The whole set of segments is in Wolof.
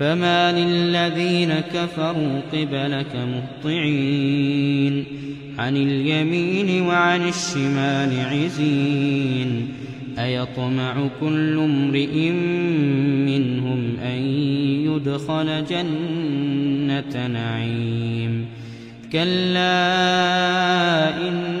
فما للذين كفروا قبلك مهطعين عن اليمين وعن الشمال عزين أيطمع كل امرئ منهم أن يدخل جنة نعيم كلا إن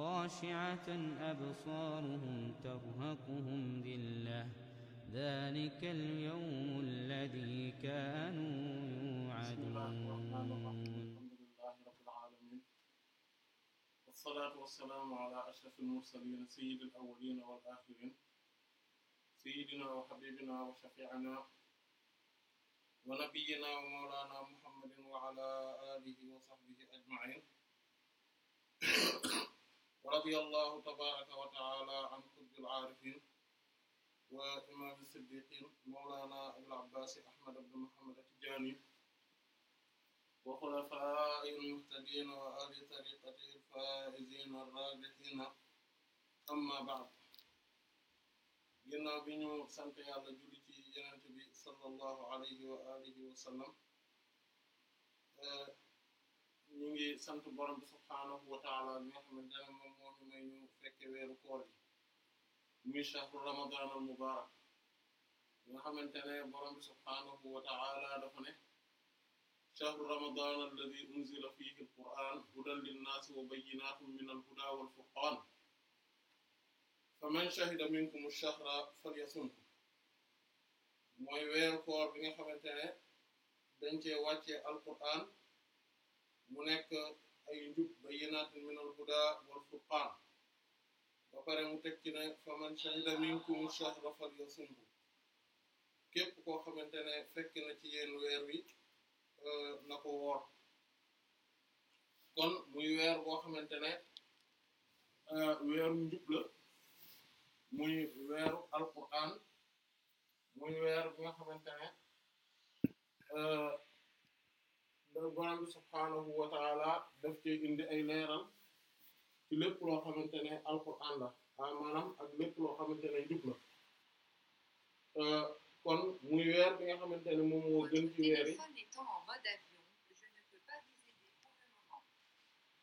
خاشعة أبصارهم ترهقهم ذلة ذلك اليوم الذي كانوا يوعدون والصلاة والسلام على أشرف المرسلين سيد الأولين والآخرين سيدنا وحبيبنا وشفيعنا ونبينا ومولانا محمد وعلى آله وصحبه أجمعين wa radiyallahu tabaraka wa taala an qutbil aarifin wa imaami siddiqin mawlana abil abbaasi ahmad ibn muhammad at-tijaani wa xulafaa'ihi al-muhtadiina wa ahli tariiqatihi al-faa'iziina ar-raabihiina ammaa ba'd ginnaaw bi ñu sant yàlla julli ci yonent bi sallallahu alayhi wa alihi wa sallam ñu ngi sant borom bi subhaanahu wa nga xamante ne moom moo ñu may ñu fekke weeru koor gi muy shahru ramadan al mubarak nga xamante ne borom bi subhaanahu wa taala dafa ne shahru ramadan alladi unzila fihi al quran hudan linnaasi wa bayyinatin min al huda wal furqan faman shahida minkum ash-shahra falyasumhu mooy weeru koor bi nga xamante ne dañ cee wàccee al mu nekk ay njub bayyinaatin minal hudaa wal furqaan ba pare mu teg ci ne faman shahida minkum shahra falyasumhu képp koo xamante ne fekk na ci yéen weer wi euh, na ko woor kon muy weer boo xamante ne euh, weeru njub la muy weeru alquran muy weer bi nga xamante ne euh, borom bi subhaanahu wa taala daf ci indi ay leeral ci lépp loo xamante ne alquran la ah, maanaam ak lépp loo xamante ne jub la euh, kon muy weer bi nga xamante ne moom moo gën ci weer yi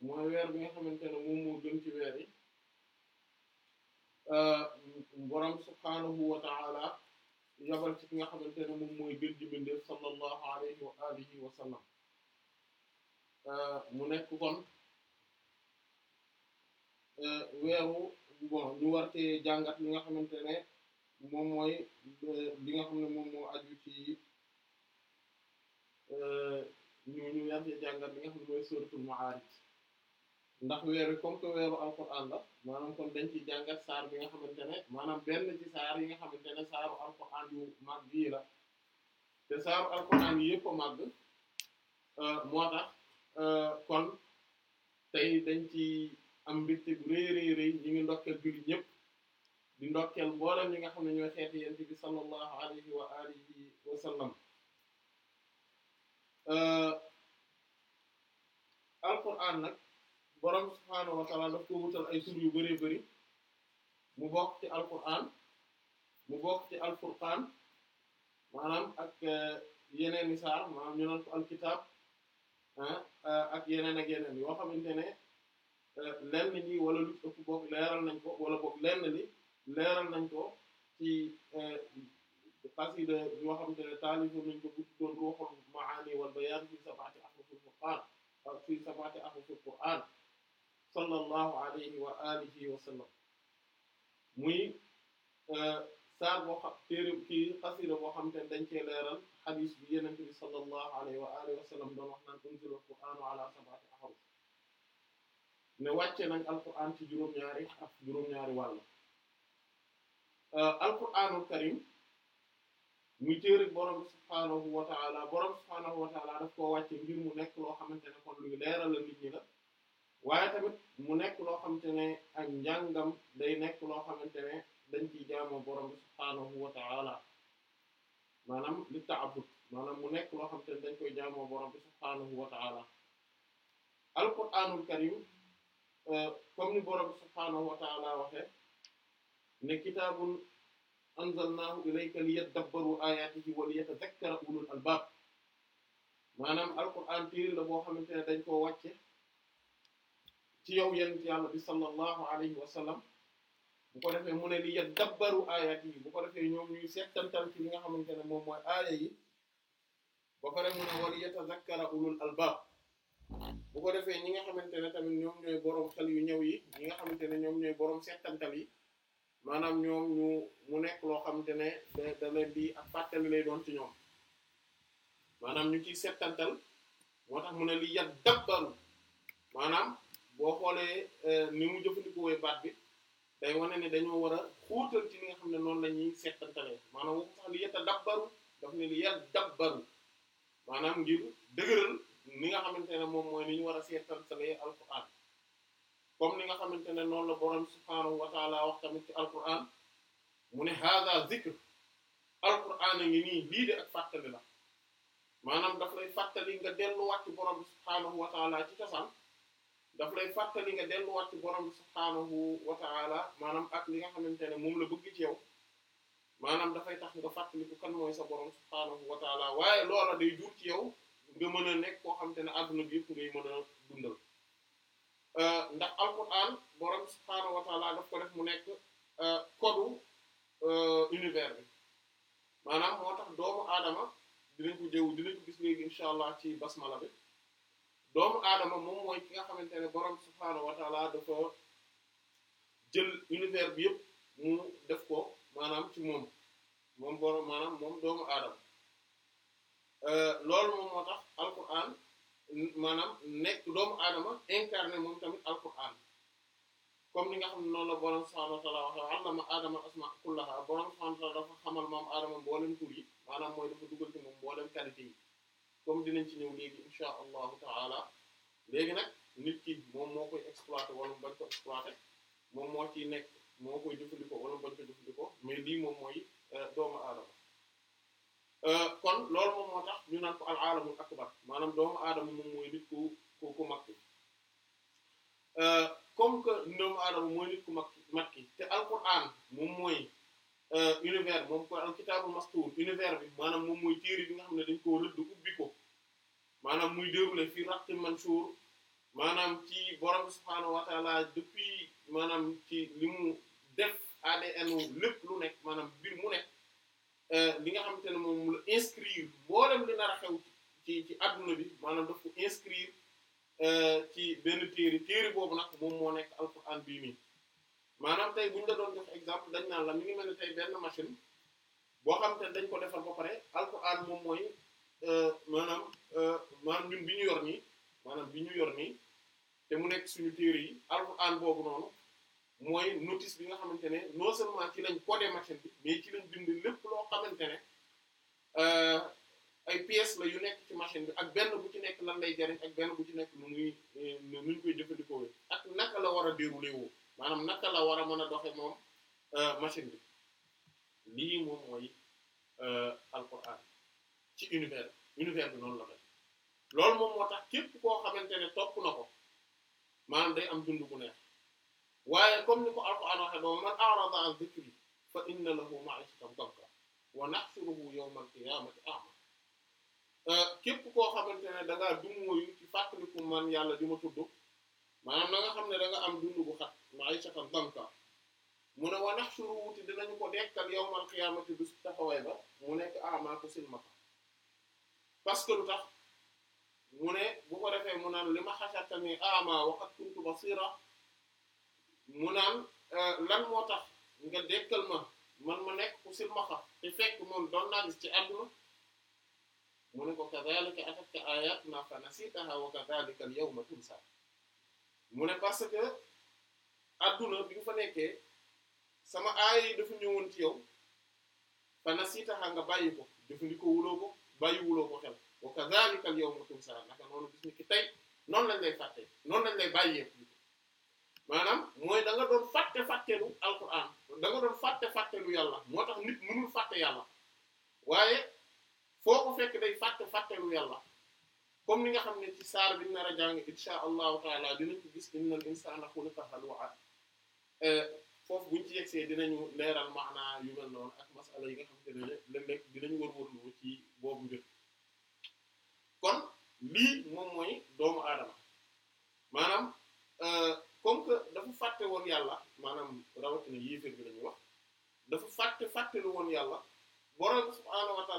mooy weer bi nga xamante ne moom gën ci weer yi euh, borom subhaanahu wa taala yabal ci ki nga xamante ne moom mooy gën ji bindee alayhi wa alihi wa sallam Euh, mu nekk kon euh, weeru bon ñu war cee jàngat li nga xamante ne moom mooy euh, li nga xam ne moom moo aju ci ñu ñu war cee jàngat li nga xam ne mooy suratul Ma'ârij ndax weer wi comme que weeru alquran la maanaam kon dañ ci jàngat saar bi nga xamante ne maanaam benn ci saar yi nga xamante ne saaru alquran yu mag yii la te saaru alquran yi yëpp a moo tax Euh, kon tey dañ ci am mbiti bu rëy rëy ñu ngi ndokkeel jullit ñëpp di ndokkeel mboolem ñi nga xam ne ñooy xeeti yent bi sallallahu alayhi wa alihi wa sallam euh, alquran nag borom subhaanahu wa taala daf ko wutal ay tur yu bëree bëri mu bokk ci alquran mu bokk ci alfurqaan maanaam ak euh, yeneen i saar maanaam ñu naan ko alkitab Ah, ah, ak yeneen ak yeneen yoo xamante ne euh, lenn li wala lu ëpp leeral nañ ko wala boog lenn li leeral nañ ko ci xasida euh, yoo xamante ne taalifu nañ ko guddi doon ruuxul maani wal bayaan fi sab'ati ahrufil qur'an ah, fi sab'ati ahrufil qur'an sallallahu alayhi wa alihi wa sallam muy euh, saar boo xam téere kii xasida boo xamante ne dañ cee leeral xadiis bi yenente bi sallallahu alayhi wa wa sallam ala sab'ati ahruf ne wàcce nañ alquran ci juróom-ñaari ak juróom-ñaari wàll euh, alquranul karim muy téere borom subhaanahu wa ta'ala borom subhaanahu wa ta'ala daf wàcce ngir mu nekk loo xamante ne kon luy leeral la nit la waaye tamit mu nekk loo xamante ne ak njàngam day nekk loo xamante ne dañ ciy jaamoo borom subhaanahu wa ta'ala maanaam li ta'abbud maanaam mu nekk loo xamante ne dañ koy jaamoo borom subhaanahu wa alquranul karim euh, comme ni borom subhaanahu wa taala waxee ne kitaabun anzalnaahu ilayka liyadabbaru ayaatihi wa liyatadhakkara ulul albaab maanaam alquran téere la boo xamante ne dañ koo wàcce ci yow yonent yàlla bi sallallahu alayhi wa sallam bu ko defee mu ne liyadabbaru ayaatihi bu ko defee ñoom ñuy seetantal ci nga xamante ne moom mooy aaya yi ba pare mu ne wa liyatadhakkara ulul albaab bu ko defee ñi nga xamante ne tamit ñoom ñooy boroom xel yu ñëw yi ñi nga xamante ne ñoom ñooy boroom settantal yi maanaam ñoom ñu mu nekk loo xamante ne da da leen lay doon ci ñoom maanaam ñu ciy settantal moo tax mu ne lii yat dabbaru maanaam boo xoolee eh, ni mu jëfandikoo baat bi day wane ne dañoo war a xuutal ci li nga xam ne noonu la ñuy settantalee maanaam waxu sax li yat a dabbaru daf maanaam ngir dëgëral ni nga xamante ne moom mooy ni ñu war a seetantalee alquran comme ni nga xamante ne noonu la borom subhaanahu wa taala wax tamit ci mu ne haza zikr alquran a ngi nii lii de ak fàttali la maanaam daf lay fàttali nga delluwaat ci borom subhaanahu wa taala daf lay fàttali nga delluwaat ci borom subhaanahu wa maanaam ak li nga xamante ne moom la bëgg ci yow maanaam dafay tax nga fàttali ko kan mooy sa borom subhaanahu wa waaye loola day jur ci yow. nga mën a nekk koo xamante ne adduna bi yëpp ngay mën a dundal euh, ndax alquran borom subhaanahu wa daf ko def mu nekk euh, kodu euh, univers bi maanaam moo tax doomu aadama dinañ ko jëw dinañ ko gis léegi incha allah ci basmala bi doomu aadama moom mooy ki nga xamante borom subhaanahu wa taala jël univers bi yëpp mu def ko maanaam ci moom moom borom maanaam moom doomu aadama. Euh, loolu moom moo tax alquran maanaam nekk doomu aadama incarné moom tamit alquran comme ni nga xam ne noonu la borom subhanahu wa ta'ala waxee allama aadama asma kullaha borom subhanahu wa ta'ala dafa xamal moom aadama mboolem tur yi maanaam mooy dafa dugal ci moom mboolem qualité yi comme dinañ ci ñëw léegi insha allahu taala léegi nag nit ki moom moo koy exploité wala mu bañ ko exploité moom moo ciy nekk moo koy jëfandikoo wala mu bañ ko jëfandikoo mais lii moom mooy euh, doomu aadama. Euh, kon loolu moom moo tax ñu naan ko al alamul akbar maanaam doomu aadama moom mooy nit ku ku mag euh, comme que doomu aadama mooy nit ku mag ki te alquran moom mooy euh, univers moom ko alkitaabul mastuur univers bi maanaam moom mooy téere bi nga xam ne dañ koo rëdd ubbi ko maanaam muy déroulé fi raqi mansuur maanaam ci borom subhaanahu wa taala depuis maanaam ci li mu def ADN lu nekk maanaam mbir mu nekk Euh, li nga xamante ne moom la inscrire boolem li nar xew ci ci adduna bi maanaam daf ko inscrire euh, ci benn téere téere boobu nag moom moo nekk alquran bii nii maanaam tey bu ñu la doon jox exemple dañ naan la mi ngi mel ne tey benn machine boo xamante ne dañ ko defal ba pare alquran moom mooy euh, maanaam maanaam ñun bi ñu yor nii maanaam bi ñu yor nii te mu nekk suñu téere yi alquran boobu noonu mooy notice bi nga xamante ne non seulement ci lañ codé machine bi mais ci lañ bind lépp loo xamante ne euh, ay pièces la yu nekk ci machine bi ak benn bu ci nekk lan lay jariñ ak benn bu ci nekk nu muy nu ñu koy jëfandikoo ak naka la war a déroulé woo maanaam naka la war a mën a doxe moom euh, machine bi lii moom mooy euh, alquran ci univers univers bi noonu la loolu moom moo tax képp koo xamante ne topp na ko maanaam day am dund ku neex waaye comme ni ko alquran waxee ba an dhikri fa inna lahu ma'ishatan danka wa nahshuruhu yawma al-qiyamati a'ma euh, képp koo xamante ne da ngaa dummóoyu yàlla di ma tudd maanaam na xam ne da am dund bu xat ma'ishatan danka mu ne wa nahshuruhu te dinañu ko dekkal yawmal qiyamati mu nekk a'ma ko silmaxa parce que lu tax mu ne bu ko defee mu naan li ma xasatani a'ma wa qad kuntu basira mu naan euh, lan moo tax nga dekkal ma man ma nekk ku silmaxa te fekk moom doon naa gis ci àdduna mu ne ko kadhalika atatka ayaatuna fa nasitaha wa kadhalika ma yawma tunsa mu ne parce que adduna bi nga fa nekkee sama aaya yi dafa ñëwoon ci yow fa nasitaha nga bàyyi ko jëfandikoo wuloo ko bàyyi wuloo ko xel wa kadhalika al yawma tunsa naka noonu gis ni ki tey noon lañ lay fàtte noonu lañ lay bàyyee maanaam mooy da doon fàtte fàttelu alquran da nga doon fàtte fàttelu yàlla moo tax nit mënul fàtte yàlla waaye foo ko fekk day fàtte fàttelu yàlla comme ni nga xam ne ci saar bi nar a jàng insha allahu taala dinañ ko gis innal insana xuliqa halu'a eh, foofu buñ ci yegsee dinañu leeral maanaa yu mel noonu ak masala yi nga xam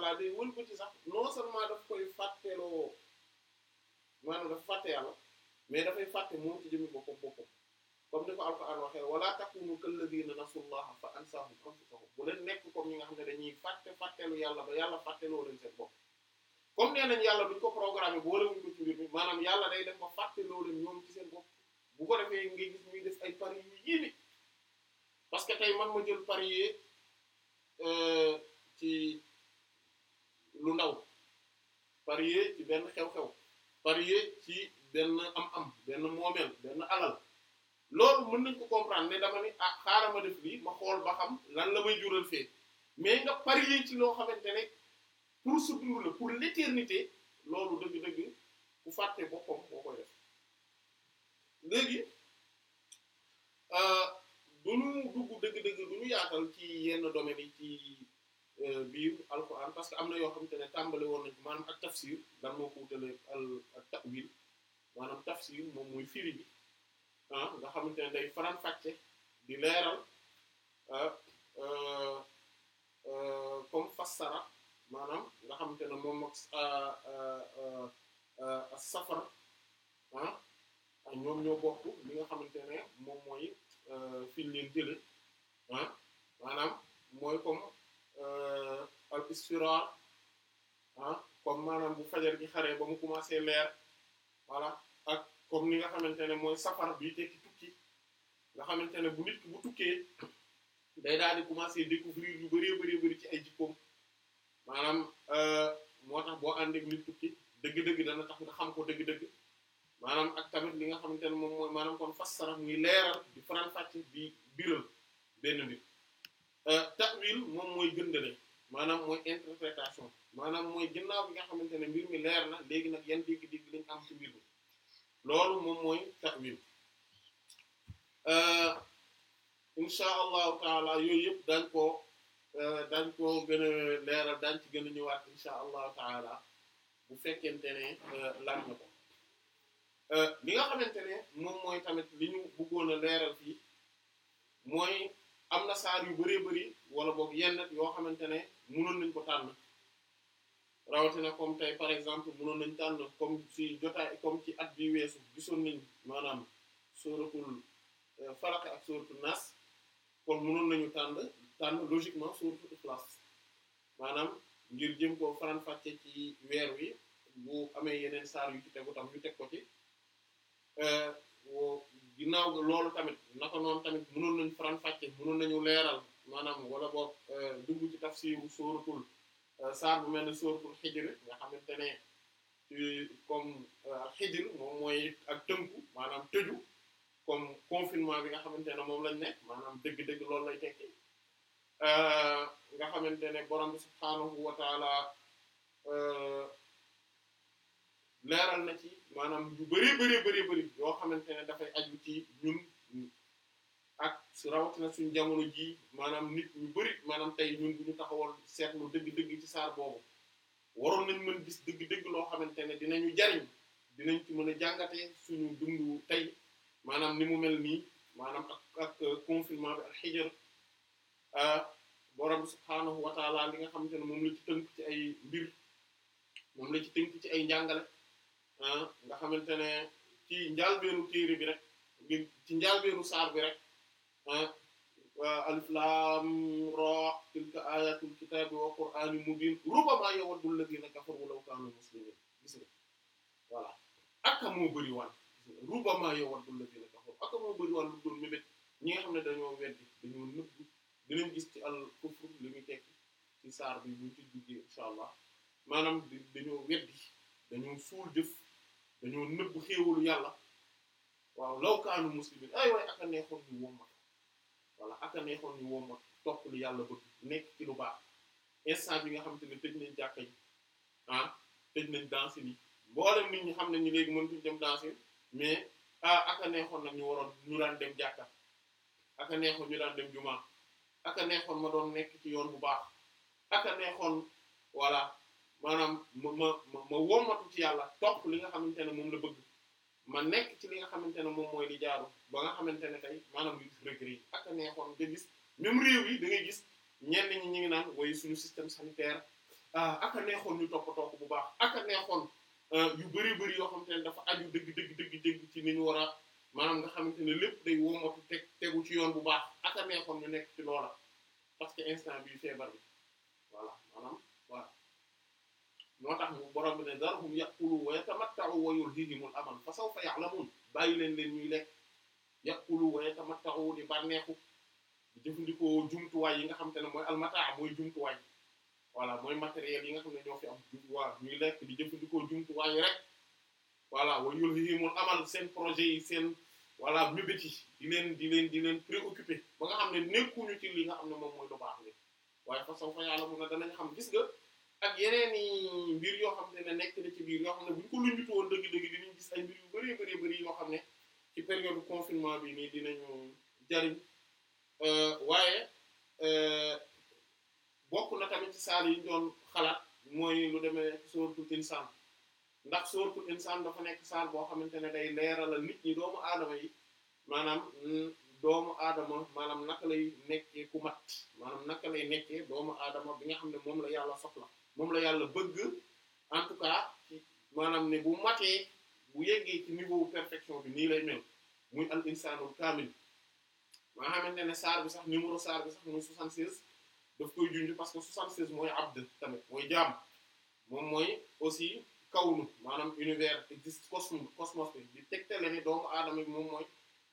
taala day wëlbati sax non seulement daf koy fàtteloo maanaam dafa fàtte yàlla mais dafay fàtte moom ci jëmi boppam boppam comme ni ko alquran waxee wala takunu na nasullaha fa ansahum anfusahum bu la nekk comme ñi nga xam ne dañuy fàtte fàttelu yàlla ba yàlla fàtteloo leen seen bopp comme nee yàlla duñ ko programme boole wuñ ko ci mbir maanaam yàlla day def ba fàtteloo leen ñoom ci seen bopp bu ko defee ngay gis muy def ay paris yu yéeme parce que tey man ma jël parier euh, ci lu ndaw parier ci benn xew-xew parier ci benn am-am benn moomeel benn alal loolu mën nañ ko comprendre ne dama ni ah xaaral ma def lii ma xool ba xam lan la may jural fee mais nga parier ci loo xamante ne pour sa dund la pour l'éternité loolu dëgg-dëgg ku fàtte boppam moo ko def léegi euh, du ñu dugg dëgg-dëgg du ñu yaatal ci yenn domaines yi ci Euh, biir alquran parce que am na yoo xamante ne tàmbali woon nañ ko maanaam ak tafsir dan moo ko wutale al ak ta'wil maanaam tafsir moom mooy firi bi ah nga xamante ne day faram fàcce di leeral ah, euh, euh, comme fassara maanaam nga xamante ne moom ak ah, ah, safara ah ñoom xamante ne moom mooy fi leen jële ah maanaam comme al euh, isfira ah comme maanaam bu fajar gi xaree ba mu commencé leer voilà ak comme ni nga xamante ne mooy safar bi ki tukki nga xamante ne bu nit bu tukkee day daal di commencé découvrir yu bëree bëree bëri ci ay jikkoom maanaam euh, moo tax boo ànd ak nit tukki dëgg-dëgg dana tax nga xam ko dëgg-dëgg maanaam ak tamit li nga xamante ne moom mooy maanaam kon fassara muy leeral ne mbir mi leer na léegi nag yan dégg digg lañ am ci mbir mi loolu moom mooy ta'wil euh, insha allahu taala yooyu yëpp daañ koo euh, dañ ko gën a leeral dañ ci gën a ñëwaat insha allahu taala bu fekkente ne euh, laaj na ko li nga xamante ne moom mooy tamit li ñu bëggoon a leeral fii mooy am na saar yu bëree bëri wala boog yenn yoo xamante ne mënoon nañ ko tànn rawatina comme tey par exemple munoon nañu tànn comme ci jotaay comme ci at bi weesu gisoon nañ maanaam sóoratul euh, falaq ak sóoratul naas kon mënoon nañu tànn tànn logiquement sóoratul ixlaas maanaam ngir jëm ko faran fàcce ci weer wi bu amee yeneen saar yu ci tegu tam ñu teg ko ci euh, ginnaaw loolu tamit naka noon tamit mënoon nañu faran fàcce mënoon nañu leeral maanaam wala boog euh, dugg ci tafsiru sóoratul Euh, saar bu mel ne sóoratul xijr nga xamante ne comme euh, moom mooy ak tënku maanaam tëju comme confinement bi nga xamante ne lañ nekk maanaam dëgg-dëgg loolu lay tekki euh, nga xamante ne borom bi subhaanahu leeral na ci maanaam yu bari bari bari bari yoo xamante ne dafay aju ci ñun su na suñ jamono jii maanaam nit ñu bari maanaam tey ñun bu taxawal seetlu dëgg-dëgg ci saar boobu waroon nañ mën gis dëgg-dëgg loo xamante ne dinañu jariñ dinañ ci mën a jàngate suñu dundu tey maanaam ni mu mel nii maanaam ak ak euh, confinement bi ak xijar euh, borom subhaanahu wa taala nga xamante ne moom la ci tënk ci ay mbir moom la ci tënk ci ay njàngale euh, nga xamante ne ci njaalbeenu téere bi rek ci njaalbeenu saar bi rek Ah, alif lam ra tilka ayatul kitabi wa qur'anin mubin rubbama yawaddu alladhina kafaru law kanu muslimin gis nga voilà ak moo bëri waan rubbama yawaddu alladhina kafaru ak moo bëri lu doon mébét ñi nga dañoo weddi dañoo nëbbu dinañ gis ci al kufr li muy tekki ci saar bi buñu ci duggee insha allah maanaam dañoo weddi dañoo suul jëf dañoo nëbbu xéewalu yàlla waaw law kaanu muslimin ay waay ak a neexoon ñu wommat wala ak a neexoon ñu woo ma lu yàlla bëgg nekk ci lu baax instant bi nga xamante ne tëj nañ jàkka yi ah tëj nañ danse ni mboolem nit ñi xam ne ñu léegi mëntuñ dem danse mais ah ak a neexoon nag ñu waroon ñu daan dem jàkka ak a neexoon ñu daan dem jumaa ak a neexoon ma doon nekk ci yoon bu baax ak neexoon voilà maanaam ma ma ma womatu ci yàlla topp li nga xamante ne moom la bëgg ma nekk ci li nga xamante ne moom mooy li jaaru ba nga xamante ne tey maanaam luy regret yi ak a neexoon nga gis même réew yi da ngay gis ñenn ñi ñu ngi naan waaye suñu système sanitaire ah, ak a neexoon ñu toppatoo ko bu baax ak a neexoon euh, yu bëri bëri yoo xamante ne dafa aju dëgg dëgg dëgg dëgg ci ni ñu a maanaam xamante ne lépp day wóomatu teg tegu ci yoon bu baax ak ñu nekk ci loola parce que instant bii feebar bi voilà maanaam voilà moo tax mu borom bi ne zarhum yaqulu wa yatamatta'u wa yulhihimul amal fa sawfa ya'lamun bàyyi leen leen ñuy lekk. yàqulu wa yatamatta'u di bànneexu di jëfandikoo jumtuwaay yi nga xam te ne mooy almataa mooy jumtuwaay voilà mooy matériel yi nga xam ne ñoo fi am jumtuwaay ñuy lekk di jëfandikoo jumtuwaay yi rek voilà wa yulhihimul amal seen projet yi seen voilà mébét yi di leen di leen di leen préoccupé ba nga xam ne nekkuñu ci li nga xam ne moom mooy lu baax li waaye fa sawfa ya'lamuna danañ xam gis nga ak yeneen i mbir yoo xam te nekk na ci biir xam ne buñ ko luñutu jariñ euh, waaye euh, bokk na tamit ci saar yi ñu doon xalaat mooy lu demee sóoratul insaan ndax sóoratul insaan dafa nekk saal boo xamante ne day leeralal nit ñi doomu aadama yi maanaam mm, doomu aadama maanaam naka lay nekkee ku mat maanaam naka lay nekkee doomu aadama bi nga xam ne moom la yàlla la moom la yàlla bëgg en maanaam ne bu matee bu yeggee ci niveau perfection bi nii lay mel muy al insaanul kaamil ba nga xamante ne saar bi sax numéro saar bi sax muy 76 daf koy junj parce que 76 mooy abd tamit mooy jaam moom mooy aussi kawnu maanaam univers existe cosmos bi di tegtale ni doomu aadama bi moom mooy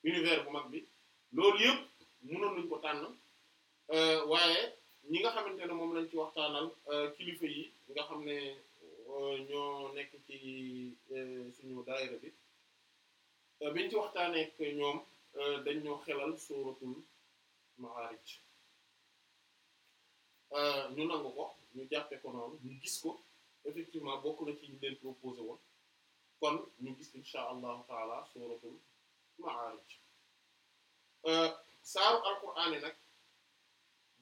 univers bu mag bi loolu yëpp mënoon nañu ko tànn euh, waaye ñi nga xamante ne moom lañ ci waxtaanal euh, kilifa yi nga xam ne euh, ñoo nekk ci suñu daayira bi biñ ci waxtaanee ñoom. Euh, dañ ñoo xelal suuratul Maarij euh, ñu nangu ko ñu jàppe ko noonu ñu gis ko effectivement bokk na ci ñu proposé woon kon ñu gis insha allahu taala suuratul Maarij euh, saaru alquraan yi nag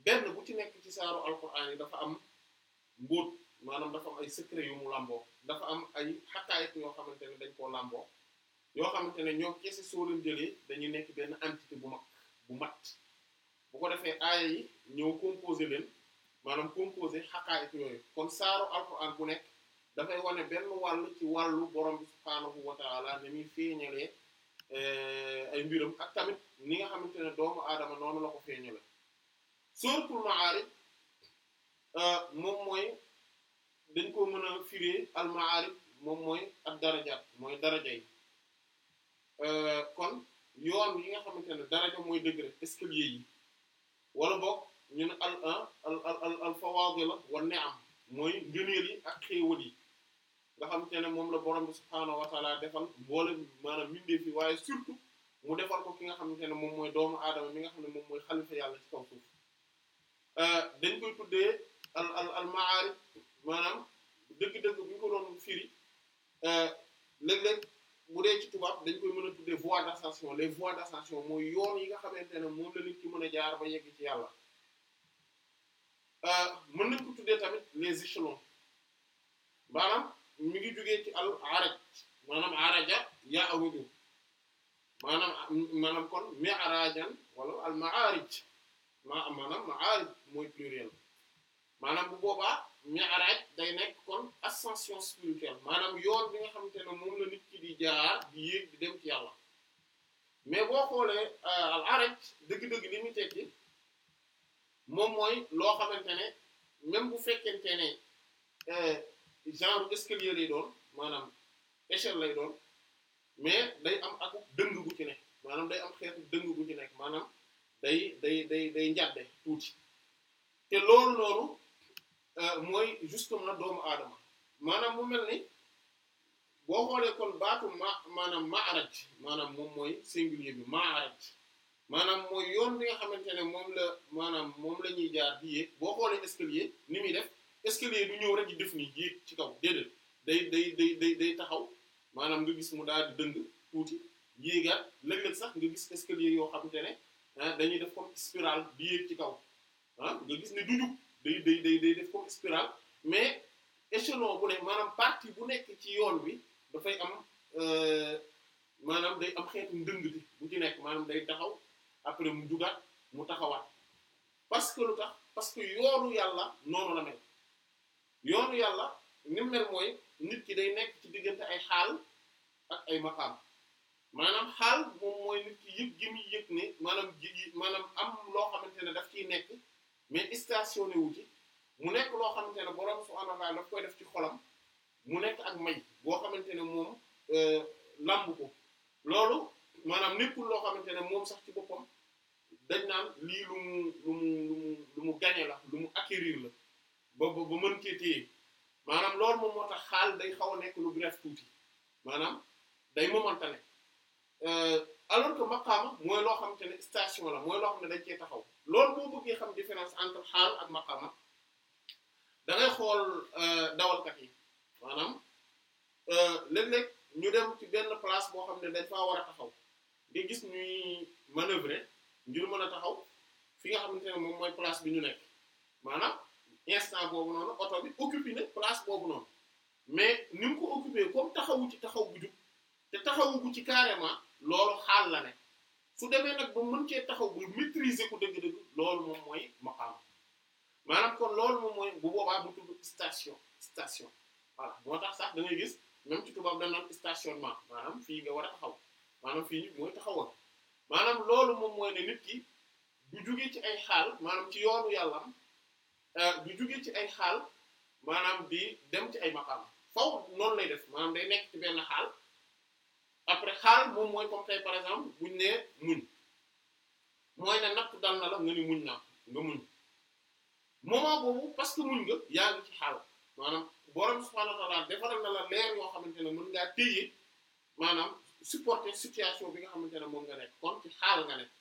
benn bu ci nekk ci saaru alquraan yi dafa am mbóot maanaam dafa am ay secret yu mu làmboo dafa am ay xaqaayit yoo xamante ne dañ koo làmboo yoo xamante ne ñoom kese soo jëlee dañuy nekk benn entité bu mag bu mat bu ko defee aaya yi ñëw composé leen maanaam composé xaqaayit yooyu kon saaru alquran bu nekk dafay wane benn wàll ci wàllu borom bi subhaanahu wa taala ne muy feeñalee eh, ay mbiram ak tamit ni nga xamante ne doomu aadama noonu la ko feeñale suuratul Ma'aarij eh, moom mooy dañ ko mën a firee al Ma'aarij moom mooy ak darajaat mooy daraja yi Euh, kon yoon yi nga xamante ne daraja mooy degré escalier yi wala book ñu ne al al al al al fawaadil wa am mooy ngëneel yi ak xéewal yi nga xamante ne moom la borom bi subhaanahu wa taala defal boole maanaam mbindee fi waaye surtout mu defal ko ki nga xamante ne moom mooy doomu aadama mi nga xam ne moom mooy xalifa yàlla ci kaw euh, dañ koy tuddee al al al maarif maanaam dëgg-dëgg bi ñu doon firi euh, léeg-léeg bu dee ci tubaab dañ koy mën a tuddee voies d'ascension les voies d'ascension mooy yoon yi nga xamante ne moom la nit ki mën a jaar ba yegg ci yàlla euh, mën nañ ko tuddee tamit les échelons maanaam mi ngi jugee ci al araj maanaam araja yaa awudu maanaam maanaam kon mi'rajan wala al ma'arij ma maanaam ma'arij mooy pluriel maanaam bu boobaa mi'raj day nekk kon ascension spirituelle maanaam yoon bi nga xamante ne moom la nit di jaar di yéeg di dem ci yàlla mais boo xoolee euh, al araj dëgg-dëgg li muy tekki moom mooy loo xamante ne même bu fekkente ne euh, genre escalier lay doon maanaam échelle lay doon mais day am ak dëng gu ci nekk maanaam day am xeetu dëng gu ci nekk maanaam day day day day njàdde tuuti te loolu loolu euh, mooy justement doomu aadama maanaam mu mel ni boo xoolee kon baatu ma maanaam maaraj maanaam moom mooy singulier bi ma maaraj maanaam mooy yoon bi nga xamante ne moom la maanaam moom la ñuy jaar di yéeg boo xoolee escalier ni muy def escalier du ñëw rek di def ni yéeg ci kaw déedéet day day day day day taxaw maanaam nga gis mu daal di dëng tuuti yéegaat léeg sax nga yoo xamante ne ah, dañuy def comme spirale di yéeg ci kaw ah nga gis ne du jug day day day day def comme spirale mais échelon bu ne maanaam partie bu nekk ci yoon bi. dafay am euh, maanaam day am xeetu ndëngte bu ci nekk maanaam day taxaw après mu jugaat mu taxawaat parce que lu tax parce que yoonu yàlla noonu la mel yoonu yàlla ni mel mooy nit ki day nekk ci diggante ay xaal ak ay maqaam maanaam xaal moom mooy nit ki yëg gi muy yëg ne maanaam ji maanaam am loo xamante ne daf ciy nekk mais stationné wu ci mu nekk loo xamante ne borom subhaanahu daf koy def ci xolam mu nekk ak may. boo xamante ne moom euh, làmb ko loolu maanaam nekkul loo xamante ne moom sax ci boppam dañ naan lii lu mu lu mu lu mu lu la lu mu acquérir la ba ba ba mën cee téye maanaam loolu moom moo tax xaal day xaw a nekk lu bref tuuti maanaam day momentané euh, alors que maqaama mooy loo xamante ne station la mooy loo xam ne dañ cee taxaw loolu moo bëggee xam différence entre xaal ak maqaama da ngay xool euh, dawalkat yi maanaam Euh, léeg-léeg ñu dem ci benn place boo xam ne dañ faa war a taxaw di gis ñuy manœuvrer ngir mën a taxaw fi nga xamante ne moom mooy place bi ñu nekk maanaam instant boobu noonu oto bi occupé na place boobu noonu mais ni mu ko occupé comme taxawu ci taxaw bu jub te taxawu bu ci carrément loolu xaal la ne su demee nag ba mën cee taxaw bu maîtriser ku dëgg-dëgg loolu moom mooy maqaam maanaam kon loolu moom mooy bu boobaa bu tudd station station waaw moo tax gis. même ci tubaab dañ naan stationnement maanaam fii nga war a xaw maanaam fii mooy taxawoon maanaam loolu moom mooy ne nit ki du jugee ci ay xaal maanaam ci yoonu yàlla euh, du jugee ci ay xaal maanaam di dem ci ay maqaam faw noonu lay def maanaam day nekk ci benn xaal après xaal moom mooy comme tey par exemple buñ ne muñ mooy ne natt dal na la nga ni muñ naa nga muñ moment boobu parce muñ nga yaa ci xaal maanaam borom subhaanahu wa ta'aala defaral na la leer yoo xamante ne mën ngaa téye maanaam supporter situation bi nga xamante ne moom nga nekk kon ci xaal nga nekk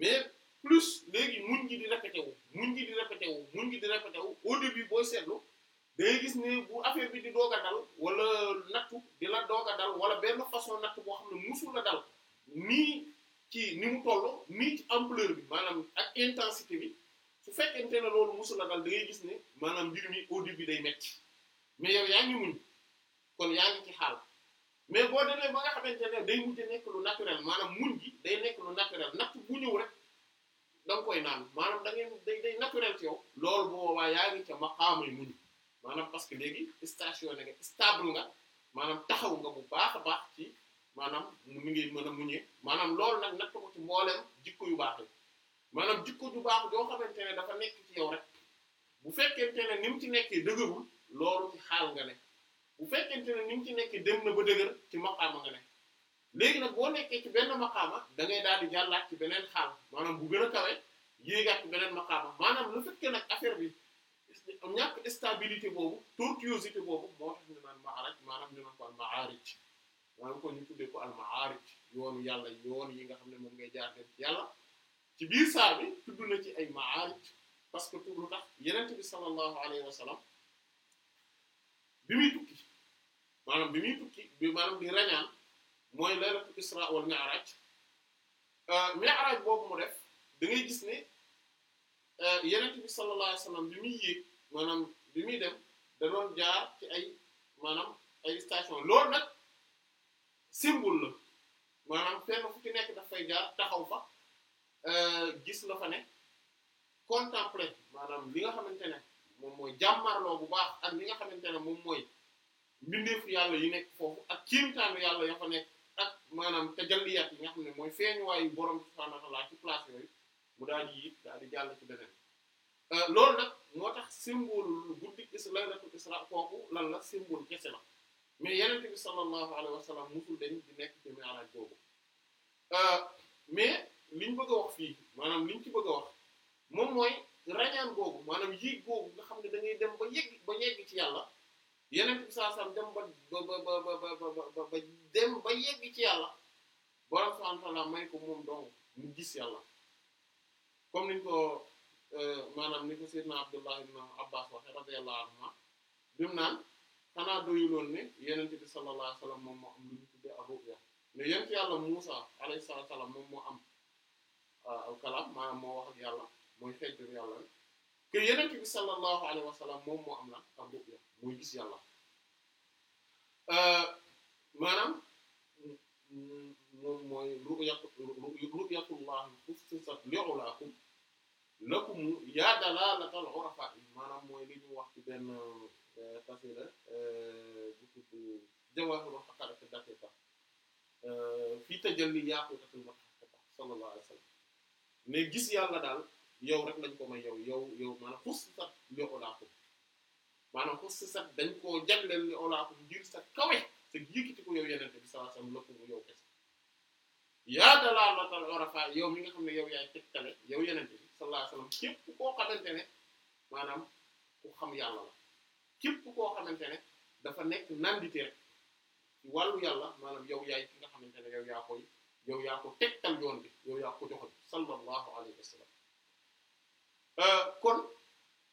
mais plus léegi muñ gi di répété wu muñ gi di répété wu muñ gi di répété wu au début booy seetlu day gis ne bu affaire bi di doog a dal wala nattu di la doog a dal wala benn façon natt boo xam ne musul la dal nii ci ni mu toll nii ci ampleur bi maanaam ak intensité bi. su fekkente ne loolu mosul la dal da ngay gis ne maanaam mbir mi au bi day metti mais yow yaa ngi muñ kon yaa ngi ci xaal mais boo demee ba nga xamante ne day mujj nekk lu maanaam muñ gi nekk lu naturel natt bu ñëw rek da nga naan maanaam da ngay day day naturel yow loolu bu yaa ngi ca maqaamay muñ maanaam parce que léegi stationné nga stable nga maanaam taxaw nga bu baax a baax ci maanaam mu ngi mën a muñee maanaam loolu nag natt ko ci mboolem jikko yu baax yi maanaam jikko ju baax joo xamante ne dafa nekk ci yow rek bu fekkee ne ni mu ci nekkee dëgërul loolu ci xaal nga ne bu fekkente ne ni mu ci nekkee dem na ba dëgër ci maqaama nga ne léegi nag boo nekkee ci benn maqaama da daal di jàllaat ci beneen xaal maanaam bu gën a kawe yéegaat ci beneen maqaama maanaam lu fekkee nag affaire bi ñàkk stabilité boobu tortuosité boobu moo tax ñu naan maaraj maanaam ñu naan ko al maarij maanaam ko ñu tuddee ko al maarij yoonu yàlla yoon yi nga xam ne moom ngay jaar yàlla ci biir saa bi tudd na ci ay maarij parce que pour lu tax yenent bi sallallahu alayhi wa sallam bi muy tukki maanaam bi muy tukki bi maanaam bi rañaan mooy laylatu isra wal mi'raj euh, mi'raj boobu mu def da gis ne euh, yenent bi sallallahu alayhi wa bi muy yéeg maanaam bi muy dem da doon jaar ci ay maanaam ay station loolu nag symbole la maanaam fenn fu nekk dafay fay jaar taxaw fa Euh, gis la fa ne contempler maanaam li nga xamante ne moom mooy jàmmarloo bu baax ak li nga xamante ne moom mooy mbindeefu yàlla yi nekk foofu ak kiimtaanu yàlla ya fa nekk ak maanaam tajalliyaat yi nga xam ne mooy feeñuwaayu borom subhaanahu wa laa ci place yooyu mu daal di yit daal di jàll ci beneen euh, loolu nag moo tax symbole guddi is laylatul isra kooku lan la symbole kese la mais yenente bi sallallahu alayhi wa sallam musul dañ di nekk ci mi'raj boobu euh, li ñu bëgg a wax fii maanaam li ñu ci bëgg a wax moom mooy rañaan googu maanaam yéeg googu nga xam ne da dem ba yegg ba yegg ci yàlla yeneen bi dem ba ba ba ba ba ba dem ba yegg ci yàlla borom subhanahu may ko moom dong mu gis yàlla kom niñ ko euh, maanaam ni ko Seydina Abdullah ibn Abbas waxe radiyallahu anhuma bi mu naan xanaa doyuloon ne yenente bi sallallahu alayhi moom moo am lu ñu tuddee aruya mais yent yàlla Musa alayhi salaam moom moo am alkalam maanaam moo wax ak yàlla mooy feejjur yàlla rek que yenent bi sallallahu alayhi wa sallam moom moo am la ak ruya mooy gis yàlla euh, maanaam moom mooy ruyatu ruyatullah xussisat li'ulakum lakum yaa dalalatal urafa yi maanaam mooy li ñu wax ci benn tasira euh, euh, bu tudd jawaahiru haqaa'iqi daqiqa fii tajalli yaaquutatil mutahaqqaqa sallallahu alayhi wa sallam ne gis yàlla daal yow rek lañ ko may yow yow yow maanaam xus sat li olaakum maanaam xus sat dañ koo jagleel li olaakum ngir sa kawe sa yëkkati ko yow yenente bi sallallahu alayhi wasallam ko yow kese yaa dalaalatal orafa yow mi nga xam ne yow yaay tegtale yow yenente bi sallallahu alayhi wasallam képp koo xamante ne maanaam ku xam yàlla la képp koo xamante ne dafa nekk nandite rek wàllu yàlla maanaam yow yaay ki nga xamante ne yow yaa koy yow yaa ko tegtal yoon bi yow yaa ko joxoñ sallallahu alayhi wa sallam euh, kon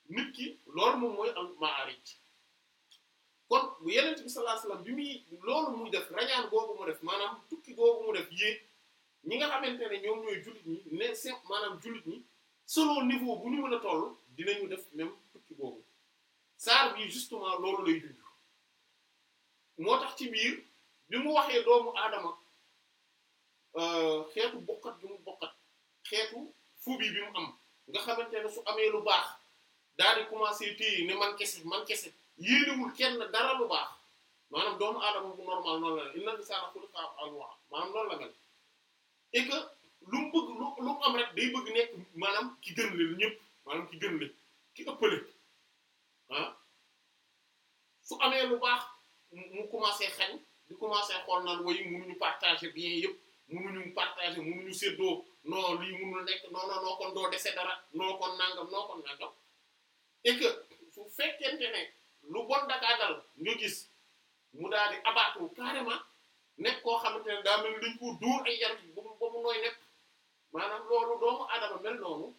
nit ki loolu moom mooy am maarij kon bu yenent bi sallallahu alayhi bi muy loolu muy def rañaan googu mu def maanaam tukki googu mu def yéeg ñi nga xamante ne ñoom ñooy jullit ñi ne c'est maanaam jullit ñi selon niveau bu ñu mën a toll dinañu def même tukki boobu saar bii justement loolu lay junj moo tax ci biir bi mu waxee doomu aadama euh, xeetu bokkat bi xeetu phobie bi mu am nga xamante ne su amee lu baax daal di commencé téye ne man kese man kese yéenewul kenn dara lu baax maanaam doomu aadama bu normal noonu la ne inna insaana xuliqa halu'a maanaam noonu la mel et que lu mu bëgg lu mu am rek day bëgg nekk maanaam ki gën leen ñëpp maanaam ki gën leen ki ëppale ah su amee lu baax mu commencé xañ di commencé xool naan wayi mënuñu partager bien yëpp mënuñu partager mënuñu séddoo non lii munul nekk non non non kon doo dese dara non kon nangam non kon nangam et que su fekkente ne lu bon dagaadal nga gis mu daal di abattu carrément nekk koo xamante ne daa mel ni koo dóor ay yar ba mu ba maanaam loolu doomu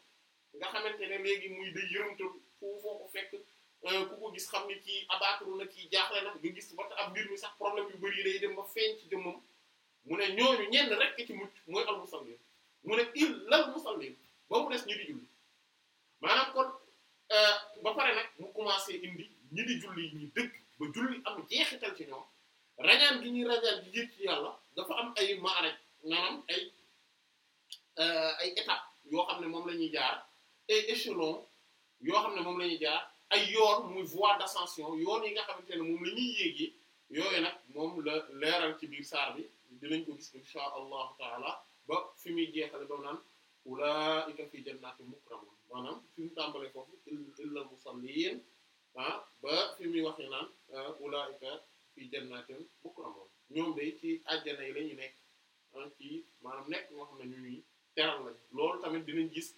xamante ne léegi muy day yërëmte fu foo ko fekk euh, ku ko gis xam ni kii abattu na kii jaaxle na nga gis ba ab mbir mi sax problème yu bari day dem ba feeñ ci jëmmam mu ne ñooñu ñenn rek ci mucc mooy almusallim mu ne illal musalli ba mu des ñi di julli maanaam kon euh, ba pare nag mu commencé indi ñi di julli ñi dëgg ba julli am jeexital ci ñoom rañaan gi ñuy rañaan di yëg ci yàlla dafa am ay maaraj maanaam ay euh, ay étape yoo xam ne moom la ñuy jaar ay échelon yoo xam ne moom la ñuy jaar ay yoon muy voie d'ascension yoon yi nga xamante ne moom la ñuy yéegee yooyu nag moom la leeral ci biir saar bi dinañ ko gis insha allahu taala ba fi muy jeexale ba naan ulaa'ika fi jannatin mukramun maanaam fi mu tàmbale foofu illal musalliin ah ba fi muy waxe naan ah, ulaa'ika fi jannatin mukramun ñoom day ci àjjana yi lañuy nekk ah, ci maanaam nekk moo xam ne ñu ñuy teral lañ loolu tamit dinañ gis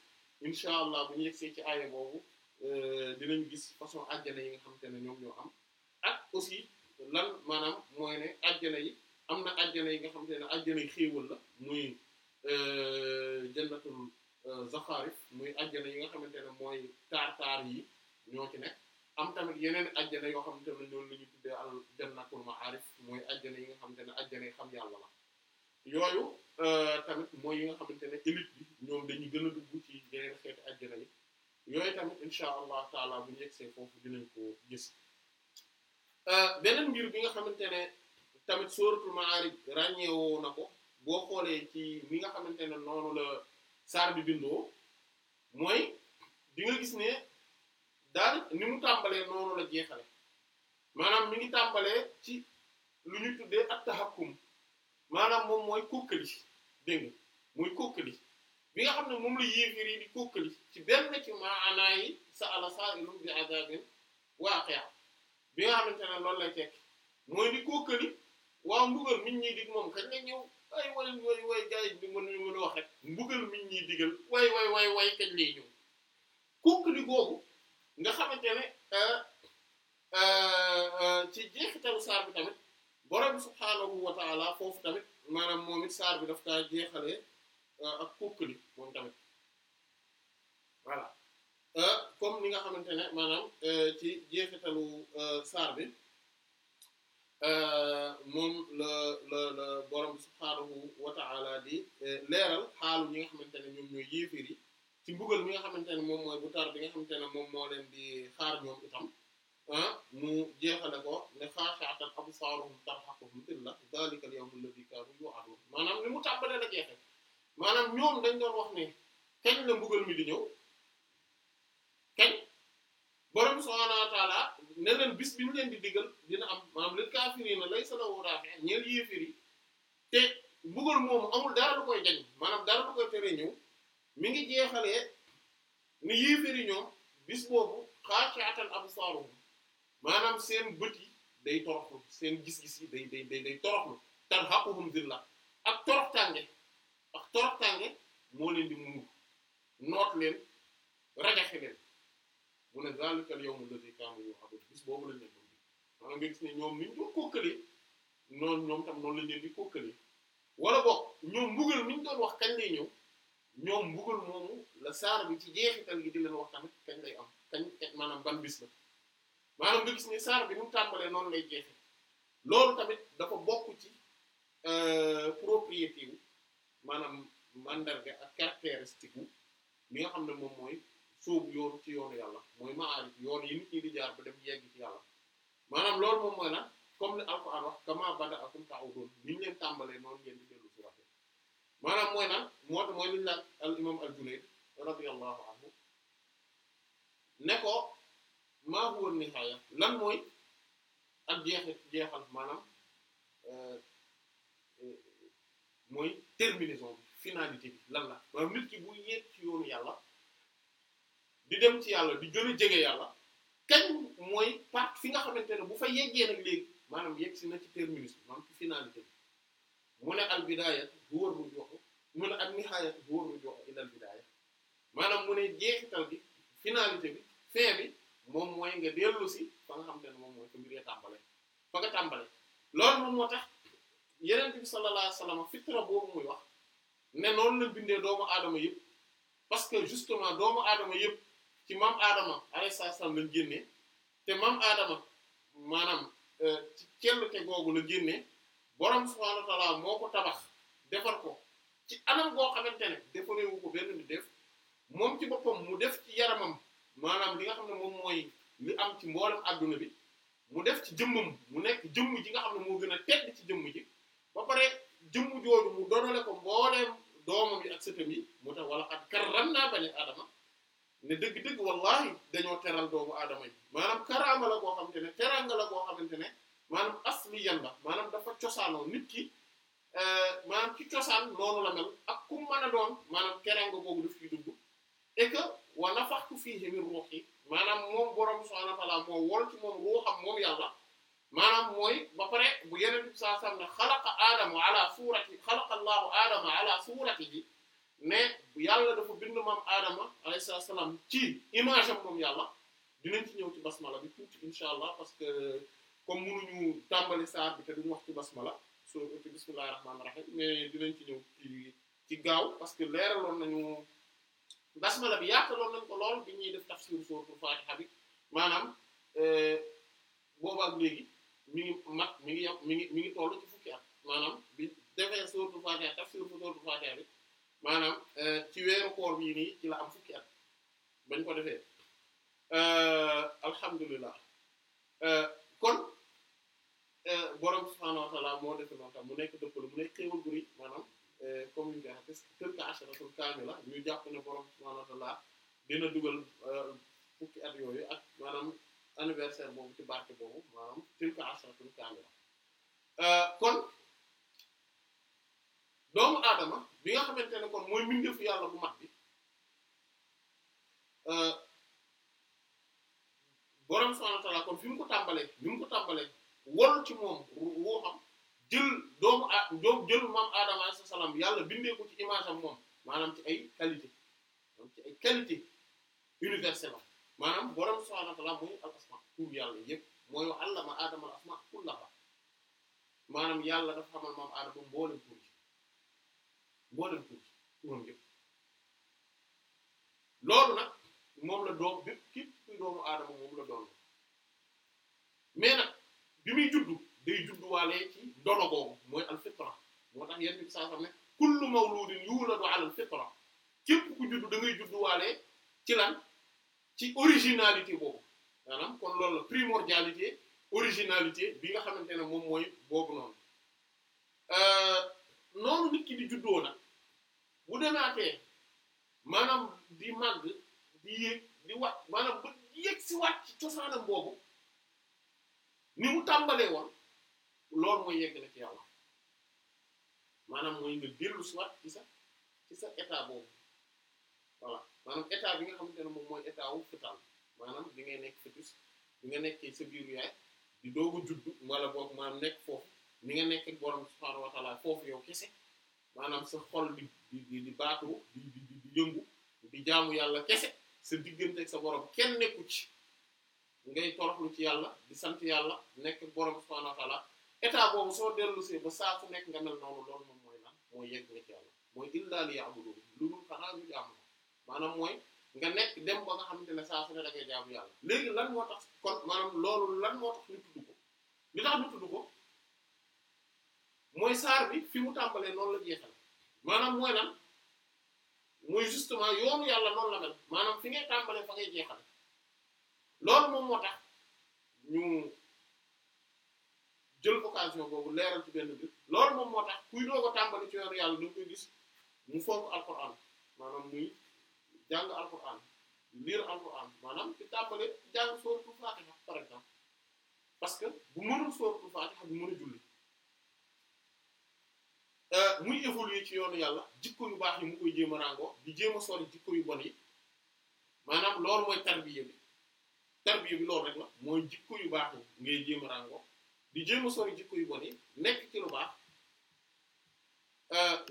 incha allah bu ñu yegsee ci aaya boobu eh, dinañ gis façon àjjana yi nga xamante ne ñoom ñoo am ak aussi lan maanaam mooy ne àjjana yi am na àjjana yi nga xamante ne àjjana yi xéewal la muy Euh, jannatul euh, zaxarif muy ajjana yi nga xamante ne mooy taar taar yi ñoo ci nekk am tamit yeneen ajjana yoo xamante ne loolu la ñu tuddee al jannatul maarif mooy ajjana yi nga xamante ne ajjana yi xam yàlla la yooyu euh, tamit mooy yi nga xamante ne élite bi ñoom dañuy gën a dugg ci yeneen xeeti ajjana yi yooyu tamit incha allah taala bu ñu yegsee foofu dinañ ko gis beneen mbir bi nga xamante ne tamit sóoratul maarif ràññeewoo na ko boo xoolee ci mi nga xamante ne noonu la saar bi bindoo mooy di gis ne daal ni mu tàmbalee noonu la jeexale maanaam mu ngi tàmbalee ci lu ñu tuddee at tahakkum maanaam moom mooy kókkali dégg nga muy kókkali bi nga xam ne moom la yéefir yi di kókkali ci benn ci maanaa yi sa ala sa'ilun bi adabin waqi' bi nga xamante ne loolu la tekk mooy di kókkali waaw mbugal nit ñi di moom kañ la ñëw ay way way way gars yi mën nañu mën a wax rek mbugal miñ ñuy digal way way way way kañ lay ñëw kooku li googu nga xamante ne euh, euh, euh, ci jeexitalu saar bi tamit borom subhaanahu wa taala foofu tamit maanaam moom it saar bi daf kaa jeexalee ak kooku li moom tamit voilà comme ni nga xamante ne maanaam ci jeexitalu saar bi. Euh, moom la la la borom subhaanahu wa ta'ala di euh, leeral xaalu ñi nga xamante ne ñoom ñooy yéeféer yi ci mbugal mi nga xamante ne moom mooy bu bi nga xamante ne moom moo leen di xaar ñoom itam ah, mu jeexale ko ne xaashaatan absaaruhum tarhaquhum dhillah dhaalika al-yawmu alladhii kaanuu yu'aduun maanaam li mu tàmbalee la jeexee maanaam ñoom dañ doon wax ne kañ la mbugal mi di ñëw borom subhaanahu wa taala bis bi ñu leen di diggal dina am maanaam lil kaafiriina laysa lahu daafi' ñeel yéefir yi te mbugal moomu amul dara lu koy jañ maanaam dara lu koy tere ñëw mi ngi jeexalee ni yéefir yi ñoom bis boobu xaashi'atan absaaruhum maanaam seen bët yi day toroxlu seen gis-gis yi day day day day xam tarhaquhum zilla ak toroxtaange ak toroxtaange moo leen di muur noot leen rajaxe leen mu ne zaalikal yawmu lazii kaanu yuu'aduun bis boobu lañ leen doon dig maanaam nga gis ne ñoom niñ doon kókkale noonu ñoom tam noonu lañ leen di kókkale wala boog ñoom mbugal mi wax kañ lay ñëw ñoom mbugal moomu la saar bi ci jeexital gi di leen wax tamit kañ am e, maanaam ban bis la maanaam nga gis ne bi mu tàmbalee noonu lay jeexee loolu tamit dafa bokk ci euh, propriété wu maanaam mandarge ak caractéristique wu nga xam ne moom mooy sóobu yoonu ci yoonu yàlla mooy maarif yoon yi nit ñi di jaar ba dem yegg ci yàlla maanaam loolu moom mooy lan comme li alquran wax kama bada'akum ta'udun ni ñu leen tàmbalee noonu ngeen di dellu si waxee maanaam mooy lan moo tax mooy li ñu naan al imam al Junayd radiyallahu anhu ne ko maa huwa nihaaya lan mooy ak jeexit jeexal maanaam euh, euh, mooy terminaison finalité bi lan la maanaam nit ki bu yegg ci yoonu yàlla. di dem ci yàlla di gën a jege yàlla kañ mooy part fi nga xamante ne bu fa yeggee nag léegi maanaam yegg si na ci terminus bi maanaam ci finalité bi mu ne al bidaaya huwa rujuuh mu ne ak nihaaya huwa rujuuh ila al bidaaya maanaam mu ne jeexital bi finalité bi fin bi moom mooy nga dellu si fa nga xamante ne moom mooy fa mbir ya tàmbale fa nga tàmbale loolu moom moo tax yeneen bi sallallahu alayhi wasallam boobu muy wax ne noonu la bindee doomu aadama yëpp parce que justement doomu aadama yëpp ci maam Adama alayhi salaam lañ génnee te maam Adama maanaam euh, ci cellute googu la génnee borom subhaanahu wa moo ko tabax defar ko ci anam goo xamante ne defarewu ko benn di def moom ci boppam mu def ci yaramam maanaam li nga xam ne moom mooy li am ci mboolem adduna bi mu def ci jëmmam mu nekk jëmm ji nga xam ne moo gën a tedd ci jëmm ji ba pare jëmm jooju mu donale ko mbooleem doomam yi ak sëtam moo tax wala xat karram naa bani Adama. ne dëgg-dëgg wallahi dañoo teral doomu aadama yi maanaam karaama la xam xamante ne teranga la koo xamante ne maanaam asli yan la maanaam dafa cosaanoo nit ki euh, maanaam ci cosaan noonu la mel ak kum mën a doon maanaam teranga boobu daf dugg et que wa nafaxtu fiihi min ruuhi maanaam moom borom subhaanahu wa ta'aala moo wol ci moom ruuxam moom yàlla maanaam mooy ba pare bu yeneen bi saa sam ne xalaqa aadama ala suurati xalaqa allahu aadama ala suuratihi mais yàlla dafa bind maam aadama alayhi salaam ci image am yàlla dinañ ci ñëw ci basmala bi tuuti incha allah parce que comme mënuñu tàmbali saar bi te duñu wax ci basmala soo ci bismillahi rahmaani rahim mais dinañ ci ñëw ci gaaw parce que leeraloon nañu la bi yaataloon nañ ko lool bi ñuy def tafsir suratul fatiha bi maanaam euh, boobaak léegi mi ngi mat mi ngi yam mi ngi mi ngi toll ci fukki at maanaam bi defee suratul fatiha tafsir maanaam euh, ci weeru koor bii nii ci la am fukki at bañ ko defee euh, alhamdulilah euh, kon borom subhaanahu wa moo def noonu tam mu nekk dëppale mu nekk xéewal guri maanaam comme ni tilka asharatul kaamila ñu jàpp ne borom subhaanahu wa dina dugal fukki at yooyu ak maanaam anniversaire boobu ci barke boobu maanaam tilka asharatul kaamila kon. doomu aadama bi nga xamante ne kon mooy mbindeefu yàlla bu mat bi euh, borom subhanahu wa kon fi mu ko tàmbalee bi mu ko tàmbalee wol ci moom woo xam jël doomu a doomu jël maam aadama alayhi salaam yàlla bindee ko ci image moom maanaam ci ay qualité maanaam ci ay qualité universelle maanaam borom subhanahu mooy al asma pour yàlla yëpp mooy allama aadama al asma kullaha maanaam yàlla dafa xamal maam aadama mboolem pour mboolem nag moom la doom doomu aadama moom la doon mais nag bi muy juddu day judduwaale ci dono googu mooy al fitra moo tax yenn képp ku juddu da ngay judduwaale ci lan ci originalité boobu maanaam kon loolu la primordialité originalité bi nga xamante ne moom mooy boobu noonu euh, noonu nit ki di juddoo nag bu demaatee maanaam di màgg di yéeg di wàcc maanaam ba yéeg si wàcc ci boobu ni mu woon loolu mooy yegg la ci maanaam mooy nga dellu si wàcc ci sa ci sa état boobu voilà maanaam état bi nga xamante ne moom mooy état wu fetal maanaam di ngay nekk fœtus di nga nekkee sa biiru yaay di doogu judd wala boog maanaam nekk foofu ni nga nekk borom subhaanahu wa ta'aala foofu yow kese maanaam sa xol di di di baatu di di di jaamu yàlla kese sa diggante ak sa borom kenn nekku ci ngay toroxlu ci yàlla di sant yàlla nekk borom subhanahu wa ta'ala état boobu soo dellu see ba saa nekk nga mel noonu loolu moom mooy lan mooy yegg nga ci yàlla mooy illaa liya'budun lu dul maanaam mooy nga nekk dem ba nga xamante ne saa su ne da yàlla léegi lan moo tax kon maanaam loolu lan moo tax ñu tudd ko li tax ñu tudd ko. mooy saar bi fi mu tàmbalee noonu la jeexal maanaam mooy lan mooy justement yoonu yàlla noonu la mel maanaam fi ngay tàmbalee fa ngay jeexal loolu moom moo tax ñu jël occasion boobu leeral ci benn bi loolu moom moo tax kuy doog a tàmbali ci yoonu yàlla da koy gis mu fonk alquran maanaam muy jàng alquran lire alquran maanaam ci tàmbale jàng sóoratul Fatiha par exemple parce que bu mënul sóoratul Fatiha bu mën julli Euh, muy évoluer ci yoonu yàlla jikko yu baax yi mu koy jéem ràngoo di jéem a jikko yu bon yi maanaam loolu mooy tarbiya bi tarbiya bi loolu rek la mooy jikko yu baax di jéem a jikko yu bon yi nekk ci euh,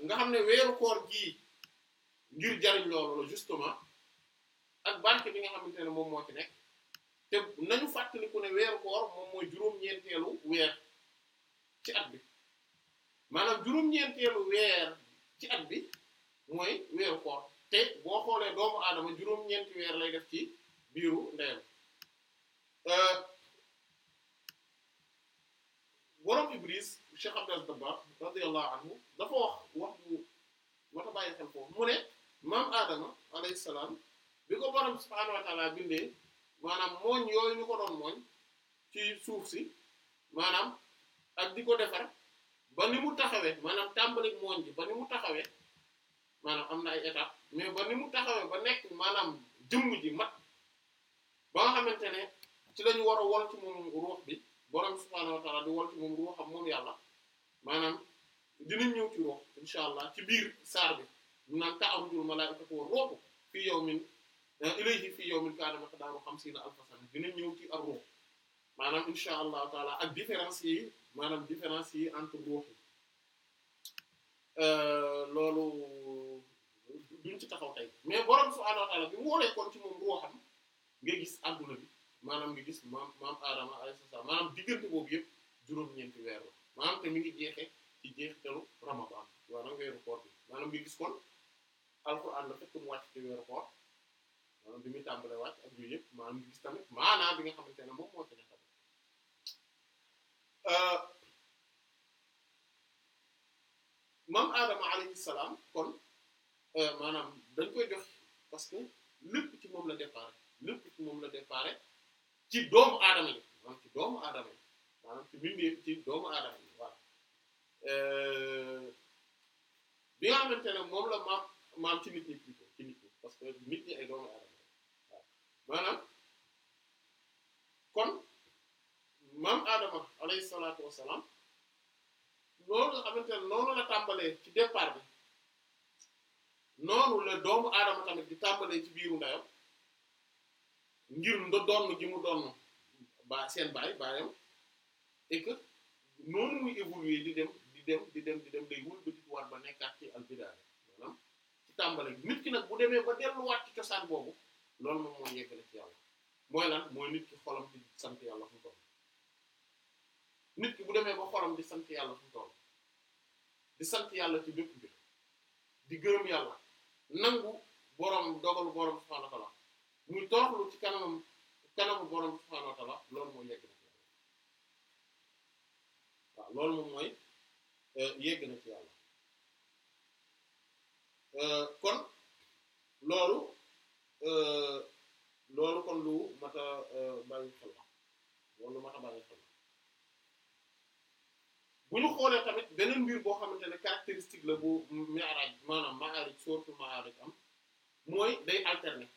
nga xam ne weeru koor gi ngir jariñ loolu la justement ak banque bi nga xamante ne moom moo ci nekk te nañu fàttaliku ne weeru koor moom mooy juróom-ñeenteelu weer ci at bi maanaam juróom-ñeenteelu weer ci at bi mooy weeru koor te boo xoolee doomu aadama juróom-ñeenti weer lay def ci biiru ndeyam euh, borom Ibris Cheikh Abdel Dabbar radiyallahu anhu dafa wax wax mu ne maam Adama alayhi salaam bi ko borom subhaanahu wa bindee maanaam mooñ yooyu ñu ko doon mooñ ci suuf si maanaam ak di ko defar. ba ni mu taxawee maanaam tàmbalik mooñ bi ba ni mu taxawee maanaam am na ay étape mais ba ni mu taxawee ba nekk maanaam jëmm ji mat ba xamante ne ci lañu war a moom ruux bi borom subhaanahu wa taala di wol ci moom ruuxam moom yàlla maanaam dinañ ñëw ci ruux incha allah ci biir saar bi naan ta'rujul malaa'ikatu war ruuhu fii yawmin ilayhi fii yawmin kaana miqdaaruhu xamsiina alfa sana dinañ ñëw ci ar ruux maanaam incha allah taala ak différence yi maanaam différence yi entre ruux yi euh, loolu duñ ci taxaw tey mais borom subhaanahu wa bi mu nga gis adduna bi maanaam nga gis maam maam Adama alayhi salaam maanaam diggante boobu yëpp juróom-ñeenti weer la maanaam te ngi jeexee ci jeexitalu Ramadan maanaam weeru koor bi maanaam nga gis kon alquran la fekk mu wàcc ci weeru koor maanaam bi muy tàmbalee wàcc ak yooyu yëpp maanaam nga gis tamit maanaam xamante ne moom moo Euh, maam Adama alayhi salaam kon euh, maanaam dañ koy jox parce que lépp ci moom la départ lépp ci moom la départ ci doomu Adama yi maanaam ci doomu Adama yi maanaam ci mbindeef ci doomu Adama yi waaw euh, bi nga xamante ne moom la maam maam ci nit ñi plutôt ci nit ñi parce que nit ñi ay doomu Adama yi maanaam kon. maam Adama alayhi salaatu wassalaam loolu nga xamante ne noonu la tàmbalee ci départ bi noonu la doomu Adama tamit di tàmbalee ci biiru ndeyam ngir nda donn gi mu donn ba seen baay baayam et noonu muy évoluer di dem di dem di dem di dem day wul ba war ba nekkaat ci albidaaya maanaam ci tàmbale nit ki nag bu demee ba delluwaat ci cosaan boobu loolu moom mooy yeggale ci yàlla mooy lan mooy nit ki xolam di sant yàlla fu ko nit ki bu demee ba xolam di sant yàlla fu mu di sant yàlla ci bépp bi di gërëm yàlla nangu borom dogalu borom subhaanahu wa taala muy toroxlu ci kanamam kanamu borom subhaanahu wa taala loolu mooy yegg na ci yàlla waaw loolu moom mooy euh, yegg euh, kon loolu euh, loolu kon lu mat a xel la loolu lu mat xel bu ñu xoolee tamit beneen mbir boo xamante ne caractéristique la bu mi'raj maanaam ma'arij surtout ma'arij am mooy day alterner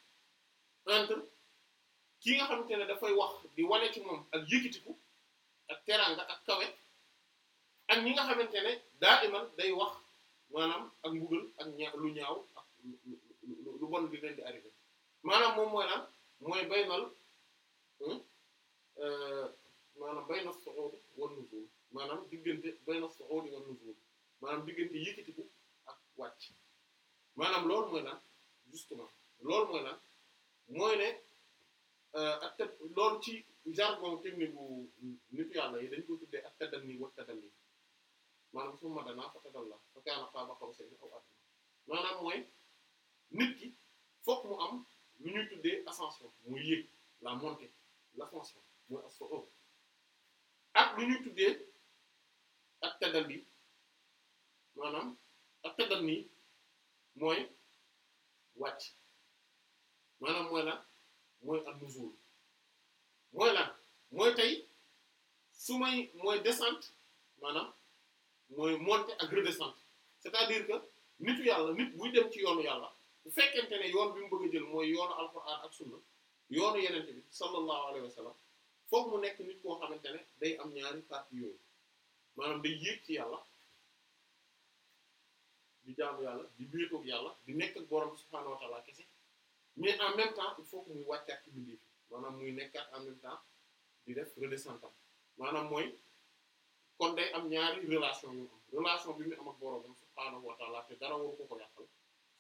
entre ki nga xamante ne dafay wax di wane ci moom ak yëkkatiku ak teraanga ak kawe ak ñi nga xamante ne daa iman day wax maanaam ak mbugal ak ña lu ñaaw ak lu bon bi leen di arrivé maanaam moom mooy lan mooy baynal hmm? euh, maanaam baynal su'ud wan nuzul maanaam diggante bayna su'ud wa nuzul maanaam diggante yëkkatiku ak wàcc maanaam loolu mooy lan justement loolu mooy lan mooy euh, ci jargon technique bu nitu yi dañ ko tuddee ak taddanni wa tadalli maanaam summa danaa nit ki fokk mu am lu ñuy tuddee ascension muy yéeg la montée l'ascension mooy as-su'ud ak lu ñuy tuddee ak tadalli maanaam ak tadalli mooy wàcc maanaam mooy lan mooy ak nuzul mooy lan mooy tey su may mooy descente maanaam mooy montée ak redescente c'est-à-dire que nitu yàlla nit buy dem ci yoonu yàlla bu fekkente ne yoon bi mu bëgg jël mooy yoonu alquran ak sunna yoonu yenente bi sallallahu alayhi wa sallam mu nekk nit koo xamante ne day am ñaari parties yooyu maanaam day yéeg ci yàlla di jaamu yàlla di wéetoog yàlla di nekk ak borom subhaanahu wa kese mais en même temps il faut que muy wàccaat ci bindee maanaam muy nekkaat en même temps di def redescente maanaam mooy kon day am ñaari relation yu am relation bi muy am ak borom subhaanahu wa ta'ala te dara waru ko ko yàqal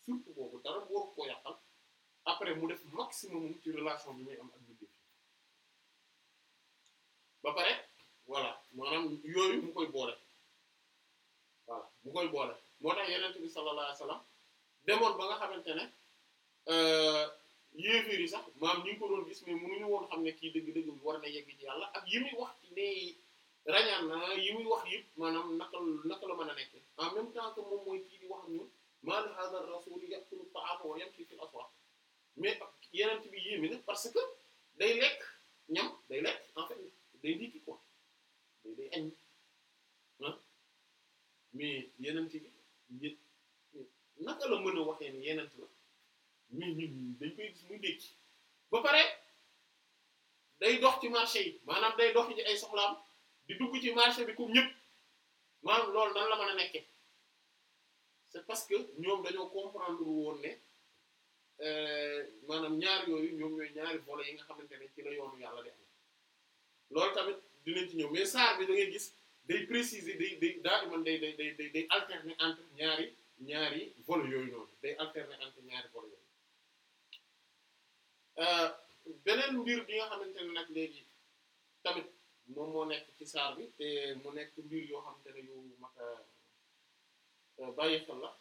surtout boobu dara waru ko yàqal après mu def maximum ci relation bi muy am ak bindee ba pare. voilà maanaam yooyu mu koy boole voilà mu koy boole moo tax yeneen bi sallallahu alayhi wasallam demoon ba nga xamante ne euh, yéeféer yi sax maam ñu ngi ko doon gis mais mënuñu woon xam ne kii dëgg-dëgg war na yegg ci yàlla ak yi muy wax ne rañaan na yi muy wax yëpp maanaam naka naka la mën a nekk en même temps que moom mooy kii wax ñun ma li hadha ar-rasul ya'kulu at-ta'ama wa yamshi fil aswaq mais yeneen bi yéeme na parce que day lekk ñam day lekk en fait mais yenent bi naka la mën a waxee ni yenent la mais ñun dañ koy gis muy dégg ba pare day dox ci marché yi maanaam day dox ci ay soxlaam di dugg ci marché bi comme ñëpp maanaam loolu nan la mën a nekkee c'est parce que ñoom dañoo comprendre woon ne euh, maanaam ñaar yooyu ñoom ñooy ñaari volets yi nga xamante ne ci la yoonu yàlla def loolu tamit dinañ ci ñëw mais saar bi da gis day préciser day day daa di man day day day day day alterner entre ñaari ñaari volets yooyu noonu day alterner entre ñaari vol yooyu euh, beneen mbir bi nga xamante ne nag léegi tamit moom moo nekk ci saar bi te mu nekk mbir yoo xamante ne yu mat a euh, bàyyi xel la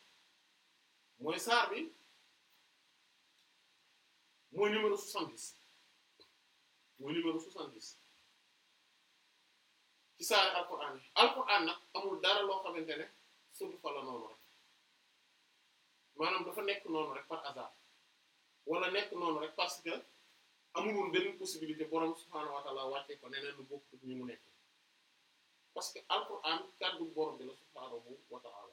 mooy saar bi mooy numéro 70 mooy numéro 70. ci saari alquran yi alquran nag amul dara loo xamante ne sudu fa la noonu rek maanaam dafa nekk noonu rek par hasard wala nekk noonu rek parce que amul woon benn possibilité borom subhaanahu wa taala neneen lu bokk ñu mu nekk parce que alquran kàddu borom bi la subhaanahu wa taala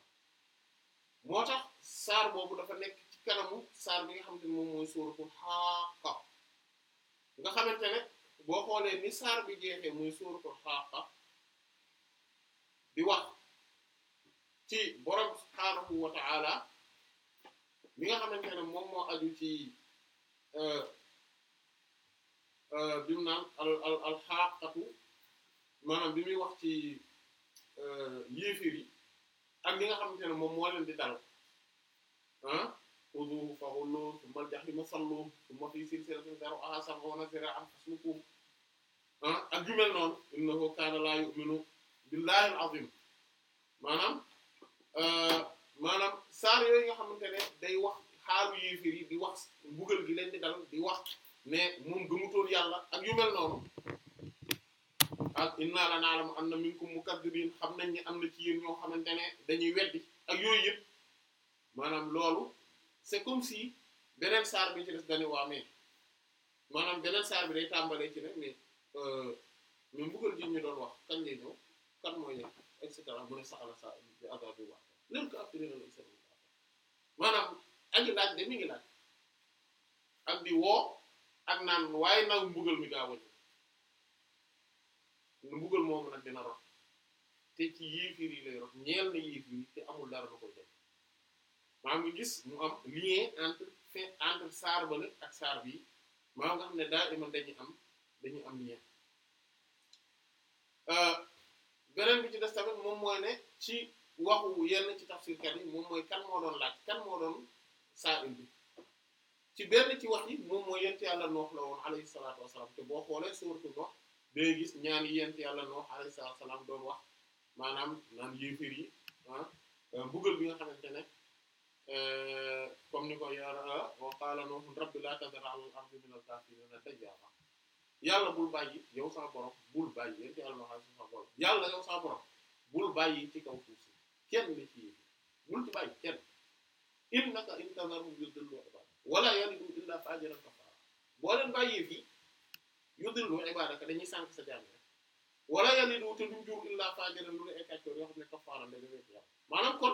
moo tax saar boobu dafa nekk ci kanamu saar bi nga xamante ne moom mooy suuratul Haaqa nga xamante ne boo xoolee ni saar bi jeexee muy suuratul Haaqa di wax ci borom subhaanahu wa ta'ala mi nga xamante ne moom moo aju ci euh, euh, bi mu naan bi muy wax ci euh, yéefir yi ak li nga xamante ne moom moo leen di dal ah xuduuhu fa xulluuhu summa al-jahiima salluuhu summa fii silsilatin zar'uhaa sab'uuna ziraa'an faslukuuhu ah ak ju mel noonu innahu kaana laa yu'minu billaahil azim maanaam euh, maanaam saar yooyu nga xamante ne day wax xaalu yéefir yi di wax mbugal gi leen di dal di wax mais moom gëmutoon yàlla ak yu mel noonu ak inna la na'lamu anna minkum mukaththibin xam nañ ne am na ci yéen ñoo xamante ne dañuy weddi ak yooyu yëpp maanaam loolu c'est comme si beneen saar bi ci des dañu waamee maanaam beneen saar bi day tàmbalee ci ne mais euh, mais mbugal gi ñu doon wax kañ lay kan mooy yéen et cetera mu ne saxala sa bi azabi wax leen ko affaire yi lañ seetlu maanaam aji laaj de mi ngi laaj ak di woo ak naan waaye naaw mbugal mi gaa wëññi mbugal moomu nag dina rot te ci yéefir yi lay rot ñeel na yéefir yi te amul dara lu koy def maa ngi gis mu am lien entre fin entre saar bale ak saar bii maa nga xam ne daal iman dañuy am dañuy am lien. Euh, beneen bi ci des tamit moom mooy ne ci waxu yenn ci tafsirkat yi moom mooy kan moo doon laaj kan moo doon saa bi ci benn ci wax yi moom mooy yent yàlla noox la woon alayhi salaatu wasalaam te boo xoolee suuratu noox day gis ñaan yi yent yàlla noox alayhi salaatu wasalaam doon wax maanaam naan yéeféer yi ah euh, mbugal bi nga xamante ne euh, comme ni ko yara wa qaala nooxun rabbi laa tadar alal ardi minal kaafiriina dayyaara yàlla bul bàyyi yow sa borom bul bàyyi yéen ci almaxaasi yàlla yow sa borom bul bàyyi ci kaw suuf si kenn li ci bul ci bàyyi kenn innaka in tazarhum yudillu ibaadaka wala yalidu illa faajiran kafaara boo leen bàyyi fii yudillu ibaadaka dañuy sànq sa jaam wala yalidu te duñ jur illa faajiran lu la ekkacoor yoo xam ne kafaara da dawee ci yàlla maanaam kon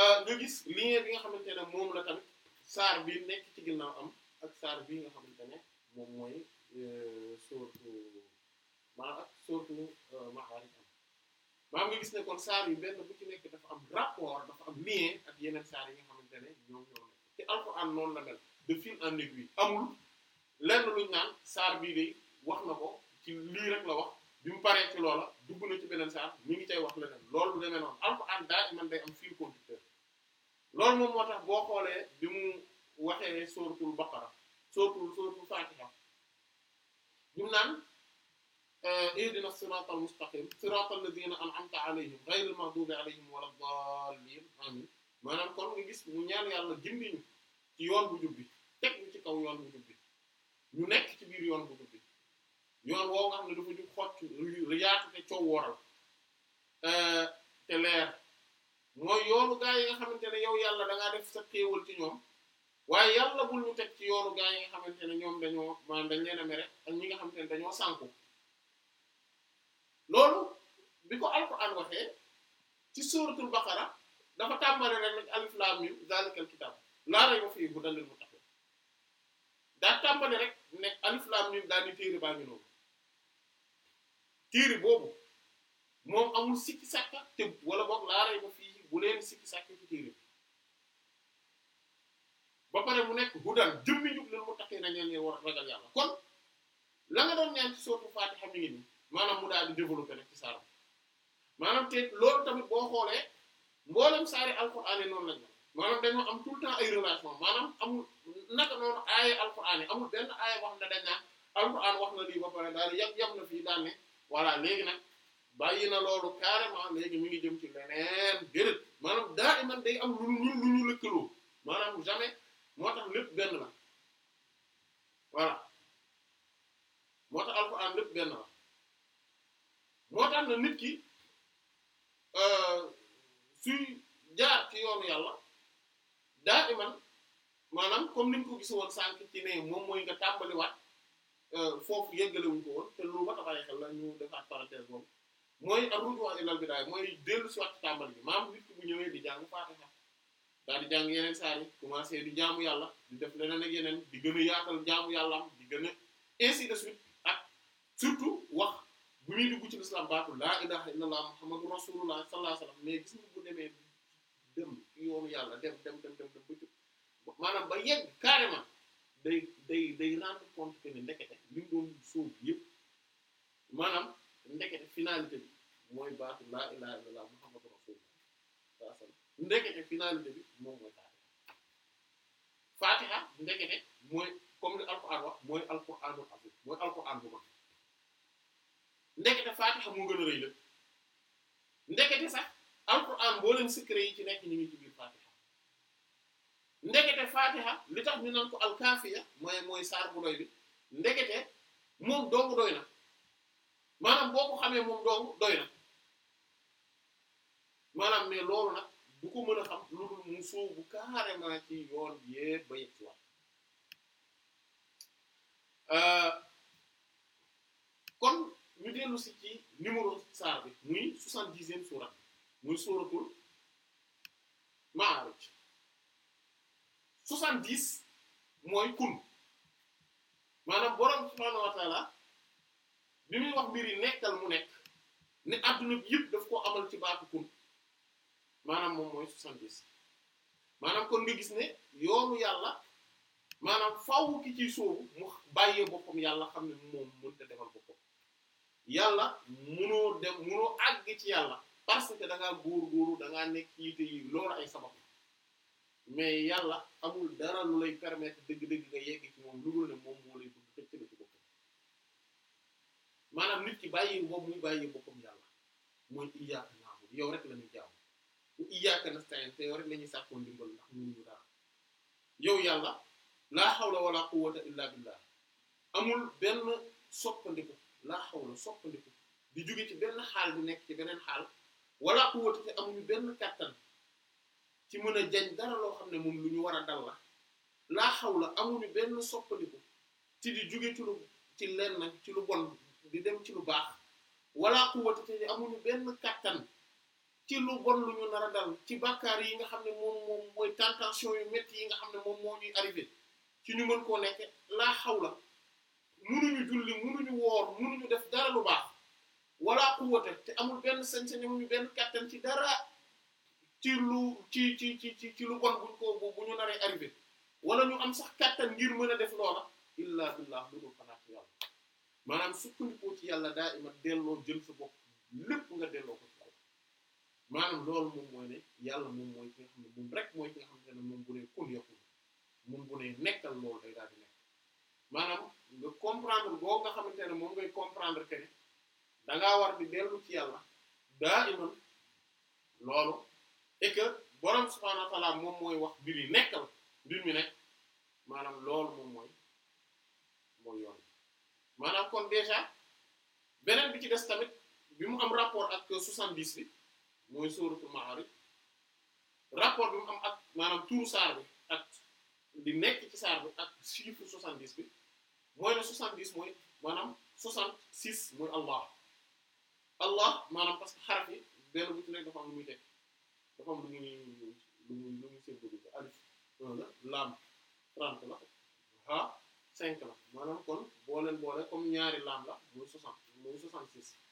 euh, nga gis lien bi nga xamante ne moom la tamit saar bi nekk ci ginnaaw am ak saar bii nga xamante ne moom mooy euh, sóortu maa ak sóortu euh, Maarij am nga gis ne kon saar yi benn bu ci nekk dafa am rapport dafa am lien ak yeneen saar yi nga xamante ne ñoom ñoo nekk te Alxuraan noonu la mel de fil en aiguille amul lenn luñ naan saar bii de wax na ko ci lii rek la wax bi mu paree ci loola dugg na ci beneen saar mi ngi cay wax leneen loolu lu demee noonu Alxuraan daa man day am fil conducteur loolu moom moo tax boo xoolee bi mu waxee sóortul Baqara sootul sootul Fatiha ñu naan euh, ihdina siratal mustaqim siratal ladina an'amta alayhim ghayril maghdubi alayhim walad dallin amin maanaam kon nga gis mu ñaan yàlla gindi ñu ci yoon bu jub bi teg ñu ci kaw yoon bu jub ñu nekk ci biir yoon bu jub bi yoon woow nga xam ne dafa jub xott riyaatu te coow euh, te leer mooy yoonu gaa yi nga xamante ne yow yàlla dangaa def sa xéewal ci ñoom waaye yàlla bul ñu teg ci yoonu gaa yi nga xamante ne ñoom dañoo maanaam dañ leen a mere ak ñi nga xamante ne dañoo sànku loolu bi ko alquran waxee ci suratul baqara dafa tàmbale rek nag alif lam mim zalikal kitab laa rayba fiihi tàmbale rek ne alif lam mim daal di téere baa ngi noonu boobu moom amul sikki sàkka te wala boog laa rayba fiihi bu leen sikki sàkka ci téere ba pare mu nekk hudan jëmmi njub lan mu taxee na ñeen ñe war ragal yàlla kon la nga doon ñaan ci sootu Fatiha mi ngi ni maanaam mu daal di développé rek ci saaram maanaam te loolu tamit boo xoolee mboolem saari alquraan yi noonu lañ na maanaam dañoo am tout le temps ay relation maanaam amul naka noonu aaya alquraan yi amul benn aaya wax ne dañ naan alquraan wax na lii ba pare daal yam yam na fii daal ne voilà léegi nag bàyyi na loolu carrément léegi mi ngi jëm ci leneen déedéet maanaam daa iman day am lu ñu lu ñu lëkkaloo maanaam jamais moo tax lépp benn la voilà moo tax alxuraan lépp benn la moo tax na nit ki euh, suy jaar ci yoonu yàlla daa iman maanaam comme ni ñu ko gis woon sànq ci ne moom mooy nga tàmbaliwaat euh, foofu yeggalewuñ ko woon te lu ma tax a xel la ñu defaat parenthèse boobu mooy arrujuwaa ilal bidaaya mooy dellu si waat ci tàmbali bi maam nit ki bu ñëwee di jàng faatiha daal di jàng yeneen saar yi commencé di jaamu yàlla di def leneen ak yeneen di gën a yaatal jaamu yàllaam di gën a ainsi de suite ak surtout wax bu ñuy dugg ci l'islam baatu laa ilaha illallah muhammadu rasulullah sallallahu alayhi wasallam mais gis nga bu demee dem yoonu yàlla dem dem dem dem dem ba jub maanaam ba yegg carrément day day day rendre compte que ne ndekete li mu doon sóob yëpp maanaam ndekete finalité bi mooy baatu laa ilaha illallah muhammadu rasulullah sallallahu alayhi wasallam ndekete finalité bi moom mooy Fatiha Fatiha ndekete mooy comme li Alxuraan wax mooy Alxuraanul aziim mooy Alxuraan bu mag ndekete Fatiha moo gën a rëy ndekete sax Alxuraan boo leen secret yi ci nekk ñu ngi ci biir Fatiha ndekete Fatiha li tax ñu naan ko alkaafiya mooy mooy saar bu doy bi ndekete moom dong doy na maanaam boo ko xamee moom dong doy na maanaam mais loolu nag. du ko mën a xam lu dul mu sóobu carrément ci yoon yépp ba yegg ci wax euh, kon ñu dellu si ci numéro saar bi muy soixante-dixième suura muy suuratul Ma'ârij soixante-dix mooy kun maanaam borom subhaanahu wa bi muy wax mbir yi nekkal mu nekk ne àdduna bi yëpp daf koo amal ci baatu kun maanaam moom mooy soixante-dix maanaam kon nga gis ne yoonu yàlla maanaam faaw ki ciy sóobu mu bàyyee boppam yàlla xam ne moom mënut a demal boppam yàlla munoo dem munoo àgg ci yàlla parce que da ngaa góor-góoru nekk yitte yi loolu ay sabab mais yàlla amul dara lu lay permettre dëgg-dëgg nga yegg ci moom lu dul ne moom moo lay bëgg xëcc la ci boppam maanaam nit ki bàyyi boobu muy bàyyi boppam yàlla mooy iyyaka na'budu yow rek la ñuy jaamu wa iyyaaka nasta'iin te yow rek la ñuy sàkkoo ndimbal ndax ñun ñu daal yow yàlla laa hawla wala quwwata illaa billah amul benn soppandiku laa hawla soppandiku di jóge benn xaal bi nekk ci beneen xaal wala quwwata te benn kàttan ci mën a jañ dara loo xam ne moom lu ñu war a dal la laa hawla amuñu benn soppandiku ci di jóge ci lu ci lenn ci lu bon di dem ci lu baax wala quwwata te amul benn kàttan ci lu bon lu ñu nar a ci bàkkaar yi nga xam ne moom moom mooy tentation yu métti yi nga xam ne moom moo ñuy arrivé ci ñu mën koo nekk laa xaw la munuñu julli munuñu woor ñu def dara lu baax wala quwwata te amul benn sañ mu amuñu benn kàttan ci dara ci lu ci ci ci ci lu bon buñ ko bu ñu naree arrivé wala ñu am sax kàttan ngir mën a def loola illa billah lu xanaa ci yàlla maanaam sukkandikoo ci yàlla daa ima delloo jël sa bopp lépp nga delloo maanaam loolu moom mooy ne yàlla moom mooy ki nga xam ne moom rek mooy ki nga xamante ne moom bu ne kun yakun moom bu ne nekkal loolu day daal di xamante ne moom ngay comprendre que ne war di dellu ci yàlla daa iman loolu et que borom moom mooy wax mbir yi nekkal mbir mi nekk maanaam loolu moom mooy mooy yoon maanaam kon déjà beneen bi ci des tamit bi mu am rapport ak 70 bi. mooy sóoratul Ma'ârij rapport bi mu am ak maanaam turu saar bi ak di nekk ci saar bi ak chiffre soixante dix bi mooy ne soixante dix mooy maanaam soixante six mooy Allah Allah maanaam parce que xaraf yi benn bu ci nekk dafa am lu muy tekk dafa am lu muy lu muy lu muy symbolique bi alif un la laam trente la ha cinq la maanaam kon boo leen boole comme ñaari laam la mooy soixante mooy soixante six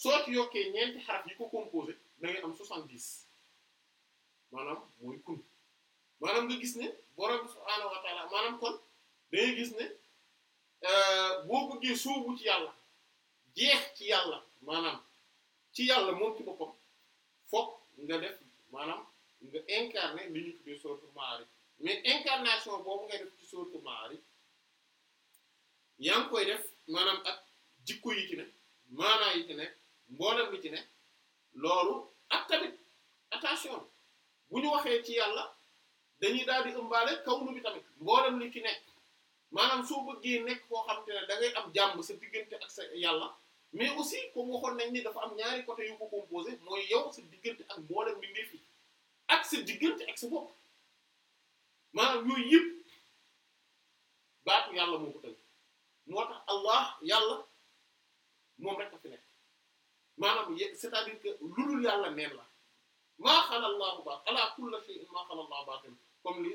soo ci yokkee ñeenti xaraf yi ko composé da am am 70 maanaam mooy kun maanaam nga gis ne borom subhaanahu wa taala maanaam kon da gis ne euh, boo bëggee sóobu ci yàlla jeex ci yàlla maanaam ci yàlla moom ci boppam foog nga def maanaam nga incarné li ñu tuddee sourate mais incarnation boobu ngay def ci sourate Maarij yaa ngi koy def maanaam ak jikko yi ci ne maanaa yi ci nekk mboolem li ci ne loolu ak tamit attention bu ñu waxee ci yàlla dañuy daal di ëmbaale kawnu bi tamit mboolem li ci nekk maanaam soo bëggee nekk koo xam te ne da ngay am jàmm sa diggante ak sa yàlla mais aussi comme waxoon nañ ni dafa am ñaari côté yu ko composé mooy yow sa diggante ak mboolem bi ndefi ak sa diggante ak sa bopp maanaam yooyu yëpp baatu yàlla moo ko tënk moo tax allah yàlla moom rek a fi nekk maanaam c'est-à-dire que lu dul yàlla neen la maa xala Allahu baax ala kulli shay'in maa xala Allahu baax comme li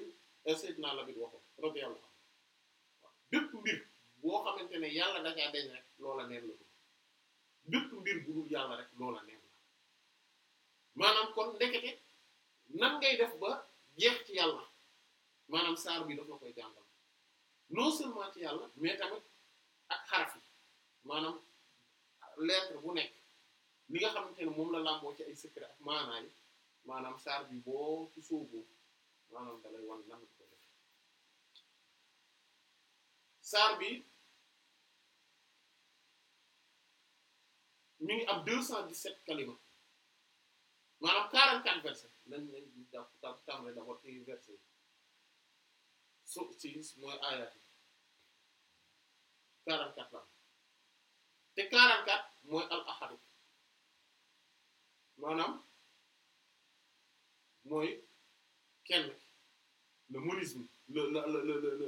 euh, Seydina Labid waxoon radiyallahu anhu bépp mbir boo xamante ne yàlla da caa deñ rek loola neen la bu dul maanaam kon ndekete nan ngay def ba jeex ci yàlla maanaam saar bi dafa koy jàngal non seulement ci yàlla mais tamit ak xaraf yi maanaam lettre bu nekk. li nga xamante ne moom la làmboo ci ay secret ak maanaay maanaam saar bi boo ci sóoboo maanaam dalay wan lan ko def saar bi mi ngi am deux cent dix-sept kalima maanaam quarante-quatre versets lañ lañ daf tàmbale d'abord ci verset yi so mooy ayat yi quarante-quatre la te quarante-quatre mooy al ahadu maanaam mooy kenn le monisme le la la la la le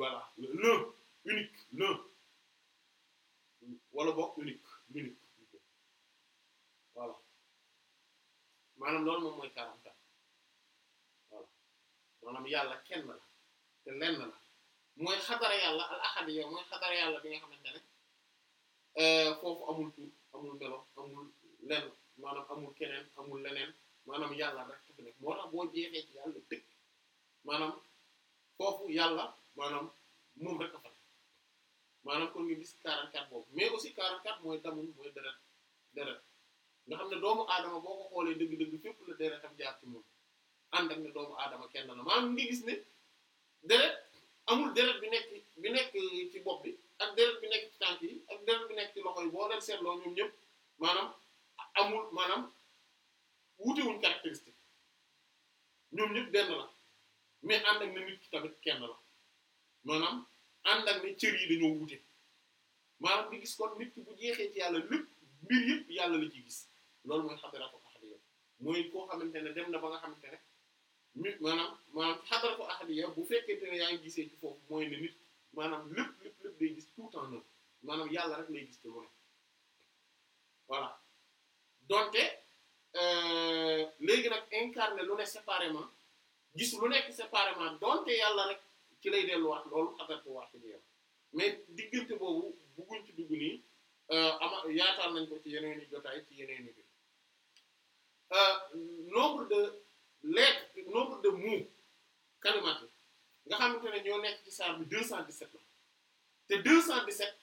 voilà l'un unique l'un wala boog unique unique voilà maanaam loolu moom mooy quarante voilà maanaam yàlla kenn la te lenn la mooy xadara yàlla al ahadiyya mooy xadara yàlla bi nga xamante ne euh, foofu amul tur amul melo amul lenn maanaam amul keneen amul leneen maanaam yàlla rek fi nekk moo tax boo jeexee ci yàlla dëgg maanaam foofu yàlla maanaam moom rek a fa maanaam gis 44 boobu mais aussi 44 mooy damul mooy deret deret xam ne doomu aadama boo xoolee dëgg-dëgg fépp la deretam jaar ci moom ànd ak doomu aadama kenn la maanaam ngi gis ne deret amul deret bi nekk bi nekk ci bopp bi ak deret bi nekk ci tànk yi ak deret bi nekk ci loxo yi boo leen seetloo ñoom ñëpp maanaam amul maanaam wutewuñ caractéristique ñoom ñëpp benn la mais ànd ak na nit ki tamit kenn la maanaam ànd ak ne cër yi dañoo wute maanaam di gis kon nit ki bu jeexee ci yàlla lépp mbir yëpp yàlla la ci gis loolu mooy xadara ko ahadiya mooy koo xamante ne dem na ba nga xamante mi nit maanaam maanaam xadara ko ahadiya bu fekkente ne yaa ngi gisee ci foofu mooy ne nit maanaam lépp lépp lépp day gis tout en un maanaam yàlla rek lay gis te lu donte euh, léegi nag incarné lu ne séparément gis lu nekk séparément donte yàlla rek ci lay delluwaat loolu xadartu waaxidiyya mais diggante boobu bugguñ ci dugg nii euh, ama yaatal nañ ko ci yeneen i jotaay ci yeneen i bi euh, nombre de lettres nombre de mots kalimaat yi nga xamante ne ñoo nekk ci saar bi 217 la te cent 217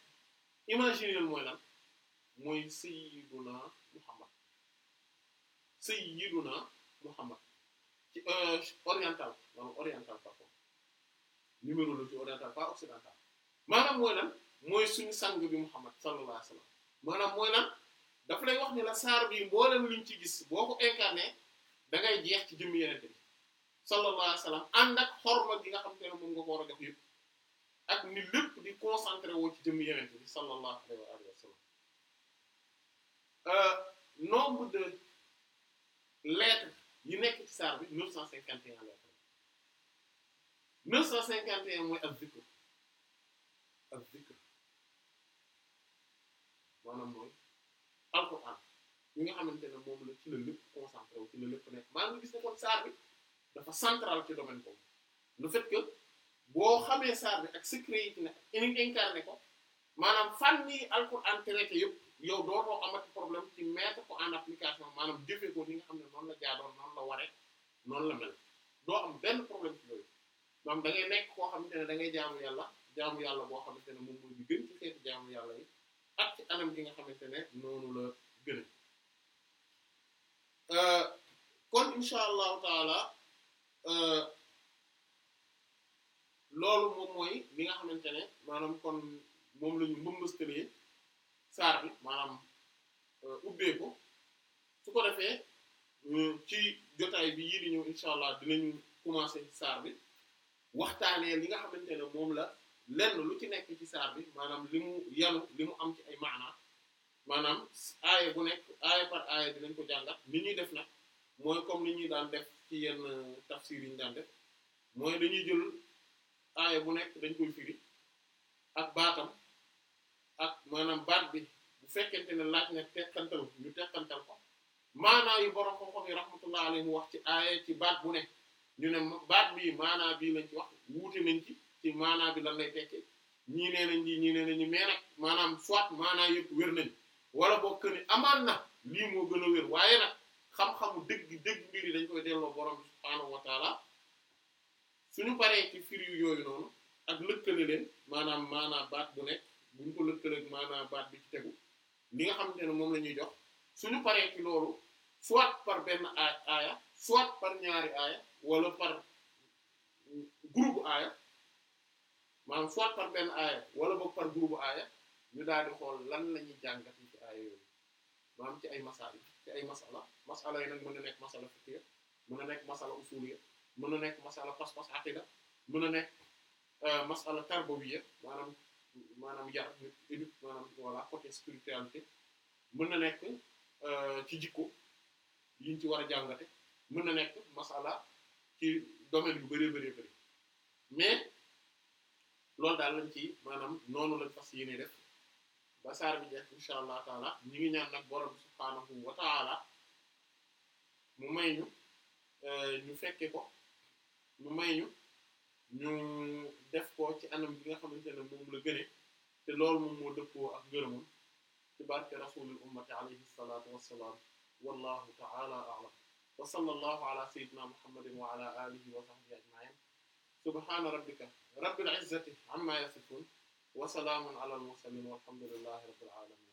imaginez mooy lan mooy sayyiduna sayyiduna Muhammad ci euh, oriental maanaam oriental par rapport numéro la ci oriental pas occidental maanaam mooy lan mooy suñu sang bi Muhammad sallallahu alayhi wasallam maanaam mooy lan daf lay wax ni la saar bii mboolem ñu ci gis boo ko incarné da jeex ci jëmm yeneen bi sallallahu alayhi wasallam ànd ak xorma gi nga xam te ne moom nga ko war a def yëpp ak ni lépp di concentré woo ci jëmm yeneen bi sallallahu wa sallam euh, nombre de lettre yi nekk ci saar bi 951 lettre 951 mooy ab zikr ab zikr maanaam mooy alquran ñi nga xamante ne moom la ci la lépp concentré wu ci la lépp nekk maa ngi gis ne kon saar bi dafa central ci domaine boobu le fait que boo xamee saar bi ak secret yi ci ko maanaam fànn yi alquran traité yëpp yow dootoo amat problème ci mettre ko en application maanaam jëfee ko li nga xam ne noonu la jaadoon noonu la waree noonu la mel doo am benn problème ci loolu moom da ngay nekk koo xamante ne da ngay jaamu yàlla jaamu yàlla boo xamante ne moom mooy bi gën ci yàlla yi ak ci nga xamante ne noonu la gën a euh, kon incha euh, nga xamante ne maanaam kon moom la ñu mbëmbëstalee saar bi maanaam euh, ubbeeku su ko defee ci jotaay bi yii di ñëw incha allah dinañu commencé saar bi waxtaanee li nga xamante ne moom la lenn lu ci nekk ci saar bi maanaam li mu yanu li mu am ci ay maana maanaam aaya bu nekk aaya par aaya dinañ ko jàngat ni ñuy def nag mooy comme ni ñuy daan def ci yenn euh, tafsir yi ñu daan def mooy dañuy jël aaya bu nekk dañ koy firi ak baatam ak maanaam baat bi bu fekkente ne laaj na tekkantal ñu tekkantal ko maanaa yi borom xam-xam yi rahmatullah alayhi wax ci aaya ci baat bu ne ñu ne baat bii maanaa bii lañ ci wax wuute nañ ci ci maanaa bi lañ lay tekki ñii nee nañ ñii ñii nee nañ ñi mais nag maanaam soit maanaa yëpp wér nañ wala bokk ni amaan na lii moo gën a wér waaye nag xam-xamu dëgg dëgg mbir yi dañ koy delloo borom bi subhaanahu wa taala suñu paree ci firi yooyu noonu ak lëkkale leen maanaam maanaa baat bu nekk bu ñu ko lëkkaleeg maanaam baat bi ci tegu li nga xamante ne moom la ñuy jox suñu paree ci loolu soit par benn aaya soit par ñaari aaya wala par groupe aaya maanaam soit par benn aaya wala boog par groupe aaya ñu daal di xool lan la ñuy jàngat ci aaya yooyu maanaam ci ay masal ci ay masala masala yi nag mën na nekk masala fiqh mën na nekk masala usuliyya mën na nekk masala pas-pas aqida mën na nekk euh, masala tarbawiyya maanaam maanaam yar nit maanaam voilà côté spiritualité mën na nekk euh, ci jikko yiñ ci war a jàngate mën na nekk masala ci domaine yu bëree bëree bëri mais loolu daal lañ ci maanaam noonu lañ fas yéene def ba saar bi jeex insha allah taala ñi ngi ñaan nag borom subhaanahu wa mu may ñu euh, ñu fekke ko mu may ñu ñu def ko ci anam bi nga xamante ne moom la gëne te loolu moom moo dëppoo ak ngërëmam ci barke rasulil ummati alayhi salatu wassalaam wallahu taala a'lam wa sallallahu ala sayyidina muhammadin wa ala alihi wa sahbihi ajma'in subhana rabbika rabbil izzati amma yasifun wa salaamun ala al mursalin walhamdulillahi rabbil alamin